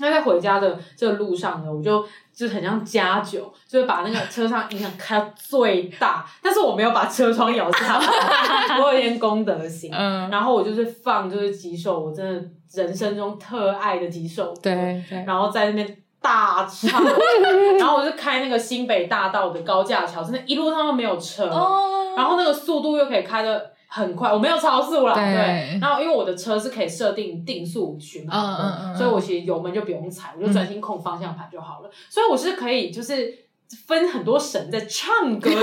那在回家的這個路上呢，我就。就很像加酒，就是把那個車上音響開到最大，但是我沒有把車窗搖下來， 我有點功德心，嗯。然後我就是放，就是幾首我真的人生中特愛的幾首。對，對。然後在那邊大唱。 然後我就開那個新北大道的高架橋，真的，一路上都沒有車。哦，然後那個速度又可以開的。很快，我沒有超速了。對，然後因為我的車是可以設定定速巡航的，uh, uh, uh, uh. 所以我其實油門就不用踩，我就專心控方向盤就好了。嗯。所以我是可以就是分很多神在唱歌。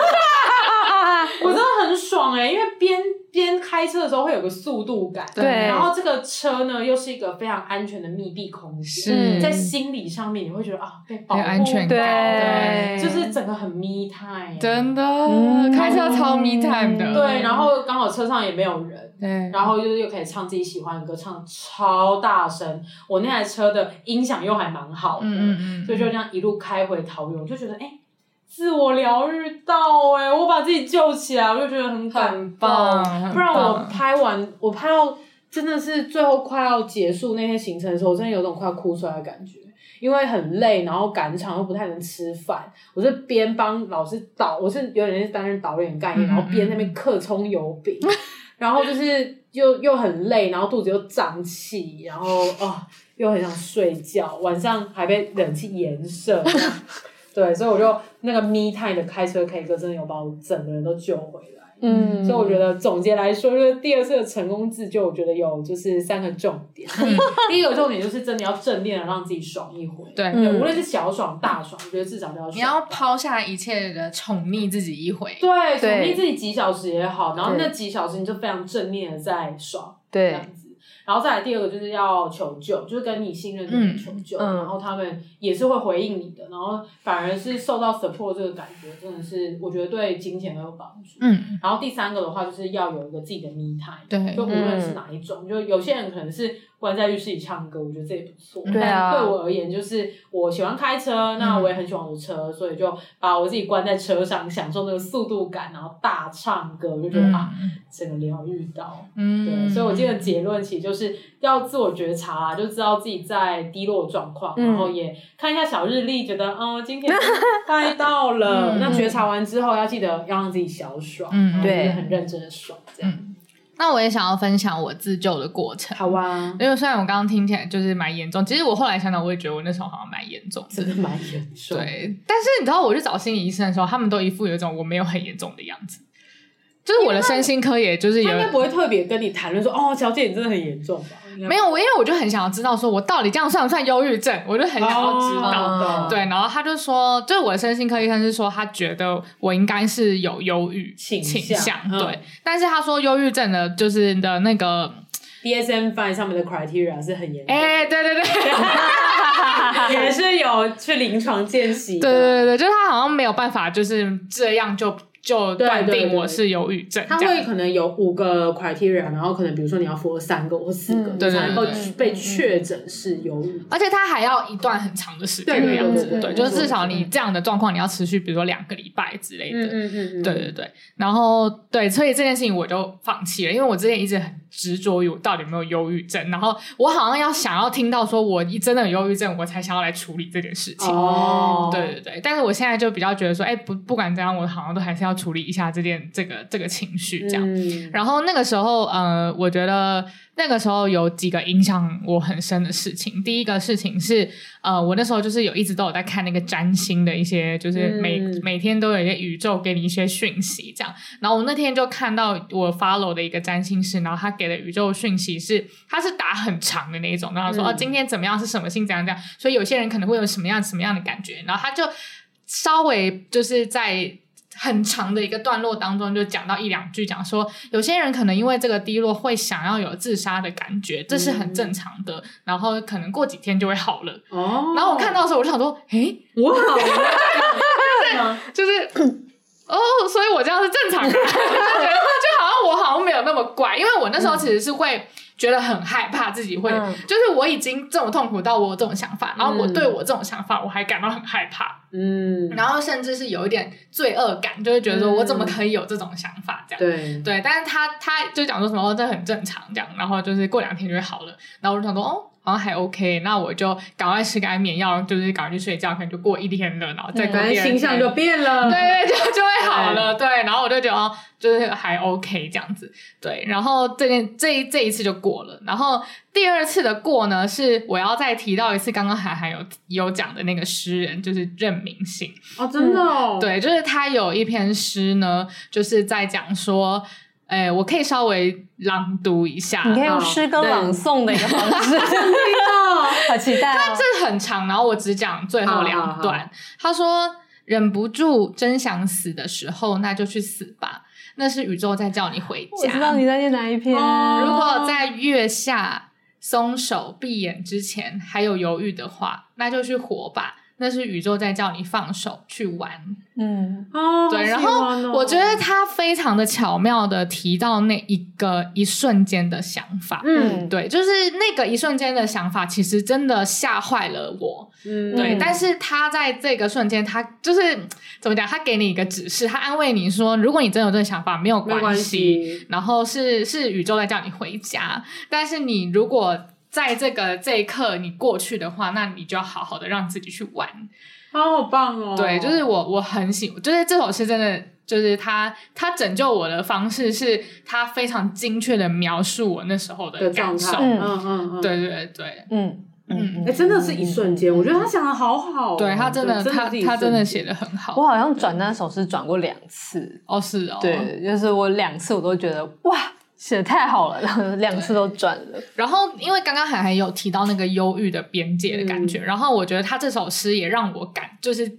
我真的很爽哎、欸，因為邊邊開車的時候會有個速度感，對。然後這個車呢又是一個非常安全的密閉空間，在心理上面你會覺得啊，被保護，有安全感，對,對，就是整個很 me time，真的、嗯、開車超 me time 的、嗯。對，然後剛好車上也沒有人，對。然後就是又可以唱自己喜歡的歌，唱超大聲。我那台車的音響又還蠻好的，嗯嗯,嗯。所以就這樣一路開回桃園，就覺得哎。自我療癒到哎、欸，我把自己救起來，我就覺得很，感動很，棒很棒。不然我拍完，我拍到真的是最後快要結束那些行程的時候，我真的有種快要哭出來的感覺，因為很累，然後趕場又不太能吃飯。我是邊幫老師導，我是有點是擔任導演概念，嗯嗯，然後邊在那邊刻蔥油餅， 然後就是又又很累，然後肚子又脹氣，然後啊、哦、又很想睡覺，晚上還被冷氣顏色。 對，所以我就那個 me time 的開車 K 歌，真的有把我整個人都救回來。嗯，嗯，所以我覺得總結來說，就是第二次的成功自救，我覺得有就是三個重點。嗯、 第一個重點就是真的要正面的讓自己爽一回，對，對嗯、無論是小爽大爽，我覺得至少都要爽。你要拋下一切的寵溺自己一回，對，寵溺自己幾小時也好，然後那幾小時你就非常正面的在爽，對。然後再來第二個就是要求救，就是跟你信任的人求救、嗯，然後他們也是會回應你的，嗯、然後反而是受到 support 這個感覺，真的是我覺得對金錢很有幫助。嗯，然後第三個的話就是要有一個自己的 me time。就無論是哪一種，嗯、就有些人可能是。關在浴室裡唱歌，我覺得這也不錯。對、啊、但對我而言，就是我喜歡開車，那我也很喜歡我的車、嗯，所以就把我自己關在車上，享、嗯、受那個速度感，然後大唱歌，我就覺得、嗯、啊，整個療癒到。嗯。對，所以我今天的結論其實就是要自我覺察、啊，就知道自己在低落狀況、嗯，然後也看一下小日曆，覺得哦今天快到了、 嗯。那覺察完之後，要記得要讓自己小爽。自、嗯、己很認真的爽，這樣。那我也想要分享我自救的過程。好啊，因為雖然我剛剛聽起來就是蠻嚴重，其實我後來想想，我也覺得我那時候好像蠻嚴重的。真的蠻嚴重。對，但是你知道，我去找心理醫生的時候，他們都一副有一種我沒有很嚴重的樣子。就是我的身心科，也就是有應該不會特別跟你談論說，哦，小姐，你真的很嚴重吧？沒有，我因為我就很想要知道，說我到底這樣算不算憂鬱症？我就很想要知道。哦、對、嗯，然後他就說，就是我的身心科醫生是說，他覺得我應該是有憂鬱傾向、向、嗯，對。但是他說，憂鬱症的，就是你的那個 DSM five 上面的 criteria 是很嚴重。哎、欸，對對對， 也是有去臨床見習。對對對對，就是他好像沒有辦法，就是這樣就。就斷定我是憂鬱症。對對對他會可能有五個 criteria，然後可能比如說你要符合三個或四個，嗯、對、對、對，才能夠被確診是憂鬱。而且他還要一段很長的時間的樣子，對、對、對、對、對，就是至少你這樣的狀況你要持續，比如說兩個禮拜之類的。嗯嗯嗯、對對對。然後對，所以這件事情我就放棄了，因為我之前一直很執着於我到底有沒有憂鬱症，然後我好像要想要聽到說我一真的有憂鬱症，我才想要來處理這件事情。哦，對對對。但是我現在就比較覺得說，哎，不不管怎樣，我好像都還是要。處理一下這件這個這個情緒，這樣、嗯。然後那個時候，嗯、呃，我覺得那個時候有幾個影響我很深的事情。第一個事情是，呃，我那時候就是有一直都有在看那個占星的一些，就是每、嗯、每天都有一些宇宙給你一些訊息，這樣。然後我那天就看到我 follow 的一個占星師，然後他給的宇宙訊息是，他是打很長的那一種，然後說，哦、嗯啊，今天怎麼樣？是什麼星？怎樣，這樣。所以有些人可能會有什麼樣什麼樣的感覺。然後他就稍微就是在。很長的一個段落當中，就講到一兩句，講說有些人可能因為這個低落會想要有自殺的感覺，這是很正常的。然後可能過幾天就會好了。哦。然後我看到的時候，我就想說，誒，我好。 就是，就是、啊，哦，所以我這樣是正常的。 就覺、是、就好像我好像沒有那麼怪，因為我那時候其實是會覺得很害怕自己會，嗯、就是我已經這麼痛苦到我有這種想法，然後我對我這種想法我還感到很害怕。嗯，然後甚至是有一點罪惡感，嗯、就會、是、覺得說我怎麼可以有這種想法、嗯、這樣？對，對，但是他他就講說什麼、哦、這很正常這樣，然後就是過兩天就會好了，然後我就想說哦。然後還 OK，那我就趕快吃個安眠藥，就是趕快去睡覺，可能就過一天了，然後再過第二天，啊，形象就變了，對對，就就會好了對，對。然後我就覺得就是還 OK 這樣子，對。然後這件這這一次就過了，然後第二次的過呢，是我要再提到一次，剛剛喊涵有有講的那個詩人就是任明信哦？真的哦？哦、嗯。對，就是他有一篇詩呢，就是在講說。哎，我可以稍微朗讀一下，你可以用詩歌朗誦的一個方式、哦、 好期待、哦。它這很長，然後我只講最後兩段、哦哦哦。他說：“忍不住真想死的時候，那就去死吧，那是宇宙在叫你回家。”我知道你在念哪一篇、哦。如果在月下鬆手閉眼之前還有猶豫的話，那就去活吧。那是宇宙在叫你放手去玩，嗯哦，對，哦、然後、哦、我覺得他非常的巧妙的提到那一個一瞬間的想法，嗯，對，就是那個一瞬間的想法，其實真的嚇壞了我，嗯，對，嗯、但是他在這個瞬間，他就是怎麼講，他給你一個指示，他安慰你說，如果你真有這個想法，沒有關係，關係然後是是宇宙在叫你回家，但是你如果。在這個這一刻，你過去的話，那你就要好好的讓自己去玩，好、啊、好棒哦！對，就是我，我很喜歡，就是這首詩真的，就是他他拯救我的方式是，他非常精確的描述我那時候的感受，嗯嗯嗯，對對對，嗯嗯哎、欸，真的是一瞬間、嗯，我覺得他想的好好、哦，對他真的，嗯、真的他他真的寫的很好，我好像轉那首詩轉過兩次哦，是哦。對，就是我兩次我都覺得哇。寫的太好了，然後兩次都轉了。然後，因為剛剛喊涵有提到那個憂鬱的邊界的感覺、嗯，然後我覺得他這首詩也讓我感，就是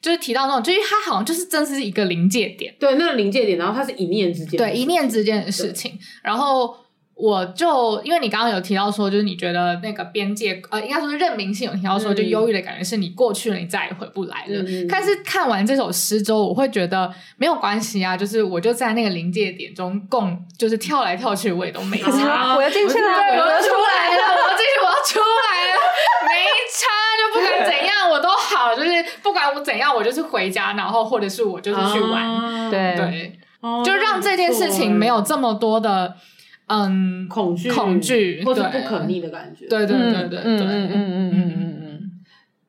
就是提到那種，就是他好像就是真的是一個臨界點，對那個臨界點，然後他是一念之間，對一念之間的事情，然後。我就因為你剛剛有提到說，就是你覺得那個邊界，呃，應該說是任明信有提到說，就憂鬱的感覺是你過去了，你再也回不來了。但是看完這首詩之後，我會覺得沒有關係啊，就是我就在那個臨界點中共，共就是跳來跳去，我也都沒差。啊、我要進去了我，我要出來了，我要進去，我要出來了， 沒差，就不管怎樣我都好，就是不管我怎樣，我就是回家，然後或者是我就是去玩，啊、對，對、哦，就讓這件事情沒有這麼多的。嗯，恐懼恐懼，或者不可逆的感覺。對對對對，對，嗯嗯嗯嗯嗯嗯，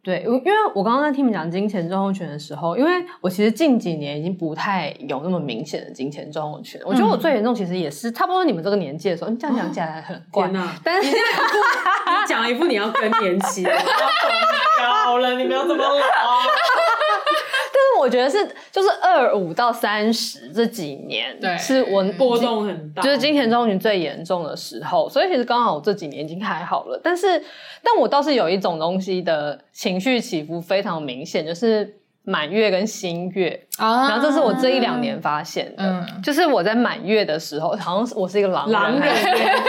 對，我、嗯嗯嗯嗯嗯、因為我剛剛在聽你講金錢掌控權的時候，因為我其實近幾年已經不太有那麼明顯的金錢掌控權。我覺得我最嚴重其實也是差不多你們這個年紀的時候，你、嗯、這樣講起來很怪、哦、天啊，但是 你講一部你要更年期了，好了你們要怎麼老？但是我覺得是，就是二五到三十這幾年，對，是我，波動很大，就是金錢中期最嚴重的時候。所以其實剛好我這幾年已經還好了。但是，但我倒是有一種東西的情緒起伏非常明顯，就是滿月跟新月啊。然後這是我這一兩年發現的，嗯、就是我在滿月的時候，好像是我是一個狼人狼對對對， 對對對，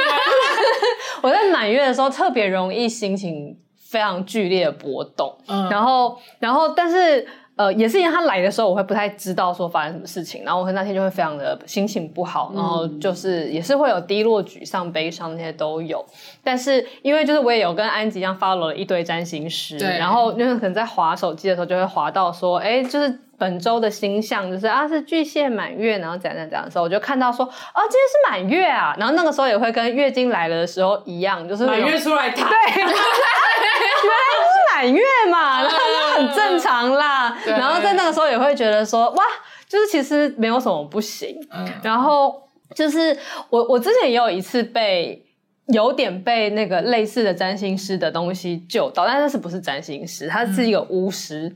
我在滿月的時候特別容易心情非常劇烈的波動、嗯。然後，然後，但是。呃，也是因為他來的時候，我會不太知道說發生什麼事情，然後我那天就會非常的心情不好，嗯、然後就是也是會有低落、沮喪、悲傷那些都有。但是因為就是我也有跟安吉一樣 follow 了一堆占星師，對，然後因為可能在滑手機的時候就會滑到說，哎、欸，就是本周的星象就是啊是巨蟹滿月，然後怎樣怎樣，的時候我就看到說啊今天是滿月啊，然後那個時候也會跟月經來了的時候一樣，就是滿月出來談。對 滿月嘛，然後就很正常啦。然後在那個時候也會覺得說，哇，就是其實沒有什麼不行。嗯、然後就是我我之前也有一次被有點被那個類似的占星師的東西救到，但是是不是占星師？他是一個巫師。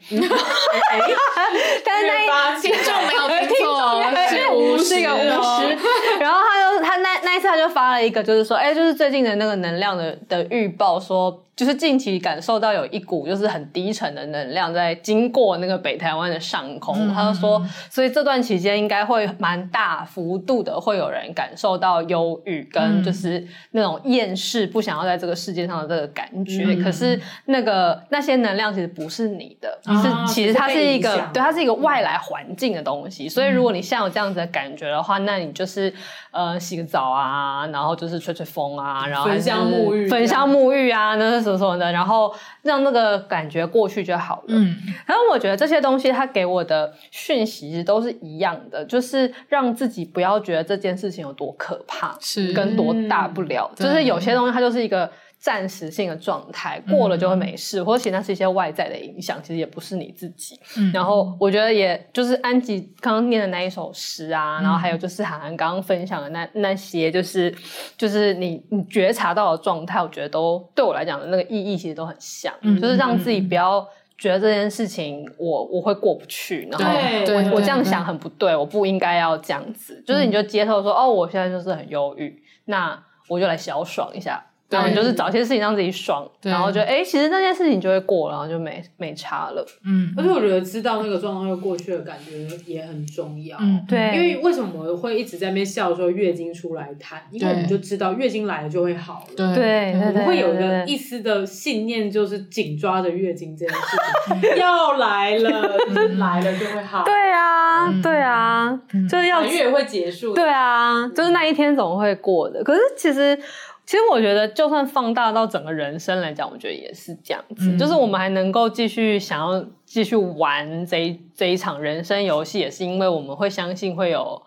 但是那聽眾沒有聽錯，啊聽到哎，是巫師。哎、 然後他。他那，那一次他就發了一個，就是說，哎、欸，就是最近的那個能量的的預報說，說就是近期感受到有一股就是很低沉的能量在經過那個北台灣的上空。嗯，嗯他就說，所以這段期間應該會蠻大幅度的，會有人感受到憂鬱跟就是那種厭世、不想要在這個世界上的這個感覺。嗯、可是那個那些能量其實不是你的，嗯、是其實它是一個是，對，它是一個外來環境的東西。所以如果你像有這樣子的感覺的話，那你就是呃。洗個澡啊，然後就是吹吹風啊，然後焚香沐浴，焚香沐浴啊，那什麼什麼的，然後讓那個感覺過去就好了。嗯，然後我覺得這些東西它給我的訊息其實都是一樣的，就是讓自己不要覺得這件事情有多可怕，是跟多大不了，就是有些東西它就是一個。暫時性的狀態，過了就會沒事，嗯、或其實那是一些外在的影響，其實也不是你自己。嗯、然後我覺得也，也就是安吉剛剛念的那一首詩啊，嗯、然後還有就是喊涵剛剛分享的那那些，就是，就是就是你你覺察到的狀態，我覺得都對我來講的那個意義其實都很像，嗯、就是讓自己不要覺得這件事情我我會過不去，然後我我這樣想很不對，我不應該要這樣子，就是你就接受說、嗯、哦，我現在就是很憂鬱，那我就來小爽一下。對，就是找些事情讓自己爽，然後就哎、欸，其實那件事情就會過，然後就沒沒差了。嗯，而且我覺得知道那個狀況又過去的感覺也很重要。嗯，對，因為為什麼我會一直在那邊笑說月經出來談？因為我們就知道月經來了就會好了。對，我們會有一個一絲的信念，就是緊抓着月經這件事情要來了， 你來了就會好。對啊，嗯、對啊、嗯，就是要月會結束。對啊，就是那一天總會過的。可是其實。其實我覺得，就算放大到整個人生來講，我覺得也是這樣子。嗯、就是我們還能夠繼續想要繼續玩這一這一場人生遊戲，也是因為我們會相信會有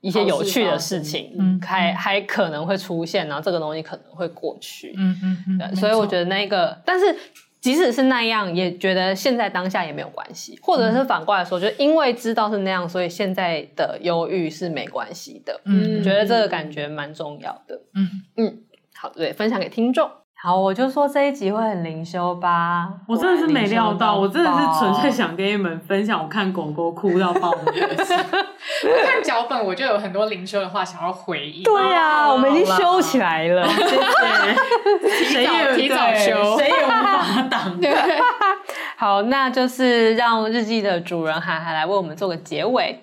一些有趣的事情，嗯、還、嗯、還可能會出現。然後這個東西可能會過去。嗯嗯嗯，對嗯。所以我覺得那個，但是即使是那樣，也覺得現在當下也沒有關係。或者是反過來說，嗯、就因為知道是那樣，所以現在的憂鬱是沒關係的。嗯，嗯覺得這個感覺蠻重要的。嗯嗯。好，對，分享給聽眾。好，我就說這一集會很靈修吧。我真的是沒料到，包包我真的是純粹想跟你們分享我看狗狗哭到爆的戲。看 腳本我就有很多靈修的話想要回應。對啊，我們已經修起來了，謝謝。提 早修，誰也無法擋， 對，好，那就是讓日記的主人喊涵來為我們做個結尾。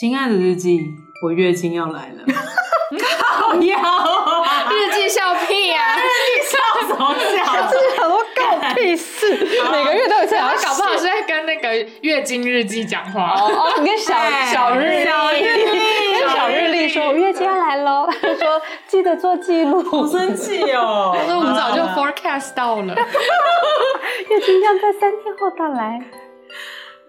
親愛的日記，我月經要來了。 靠腰、啊， 日記笑屁啊！日記笑什麼笑？這是很多搞屁事，每個月都有這樣。搞不好是在跟那個月經日記講話 哦。你跟小小月曆，跟小月曆說我月經要來嘍。他說記得做記錄。好生氣哦！他 說我們早就 forecast 到了。 月經要在三天後到來。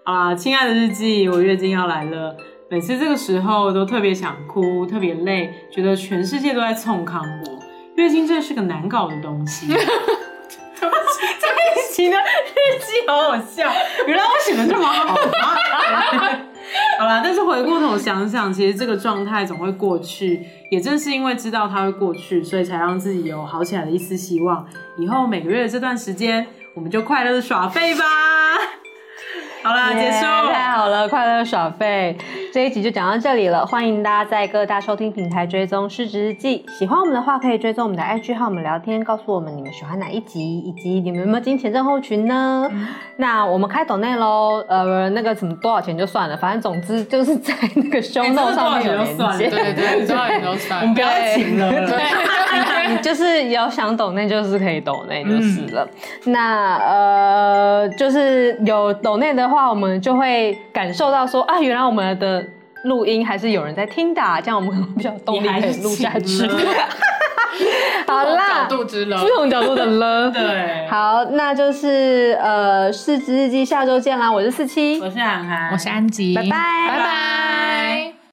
啊，親愛的日記，我月經要來了。每次這個時候都特別想哭，特別累，覺得全世界都在衝康我。月經真是個難搞的東西。怎 麼不起 在一起呢？日記好好笑，原來我寫的這麼好。 好啦，但是回過頭想想，其實這個狀態總會過去。也正是因為知道它會過去，所以才讓自己有好起來的一絲希望。以後每個月的這段時間，我們就快樂的耍廢吧。好了，結束，yeah, 太好了， 快樂耍廢，這一集就講到這裡了。歡迎大家在各大收聽平台追蹤失職日記。喜歡我們的話，可以追蹤我們的 IG 和，我們聊天，告訴我們你們喜歡哪一集，以及你們有沒有經前症候群呢、嗯？那我們開抖內嘍，呃，那個什麼多少錢就算了，反正總之就是在那個 show note 上面有連結，對對對，多少錢都算，對對對 都算你不要停了，對，對 就是有想抖內就是可以抖內就是了。嗯、那呃，就是有抖內的話。話我們就會感受到說啊，原來我們的錄音還是有人在聽的、啊，這樣我們比較動力可以錄下去。 好啦，不同角， 角度的樂。對，好，那就是呃，四只日記下周見啦！我是四七，我是喊涵，我是安吉，拜拜，拜拜。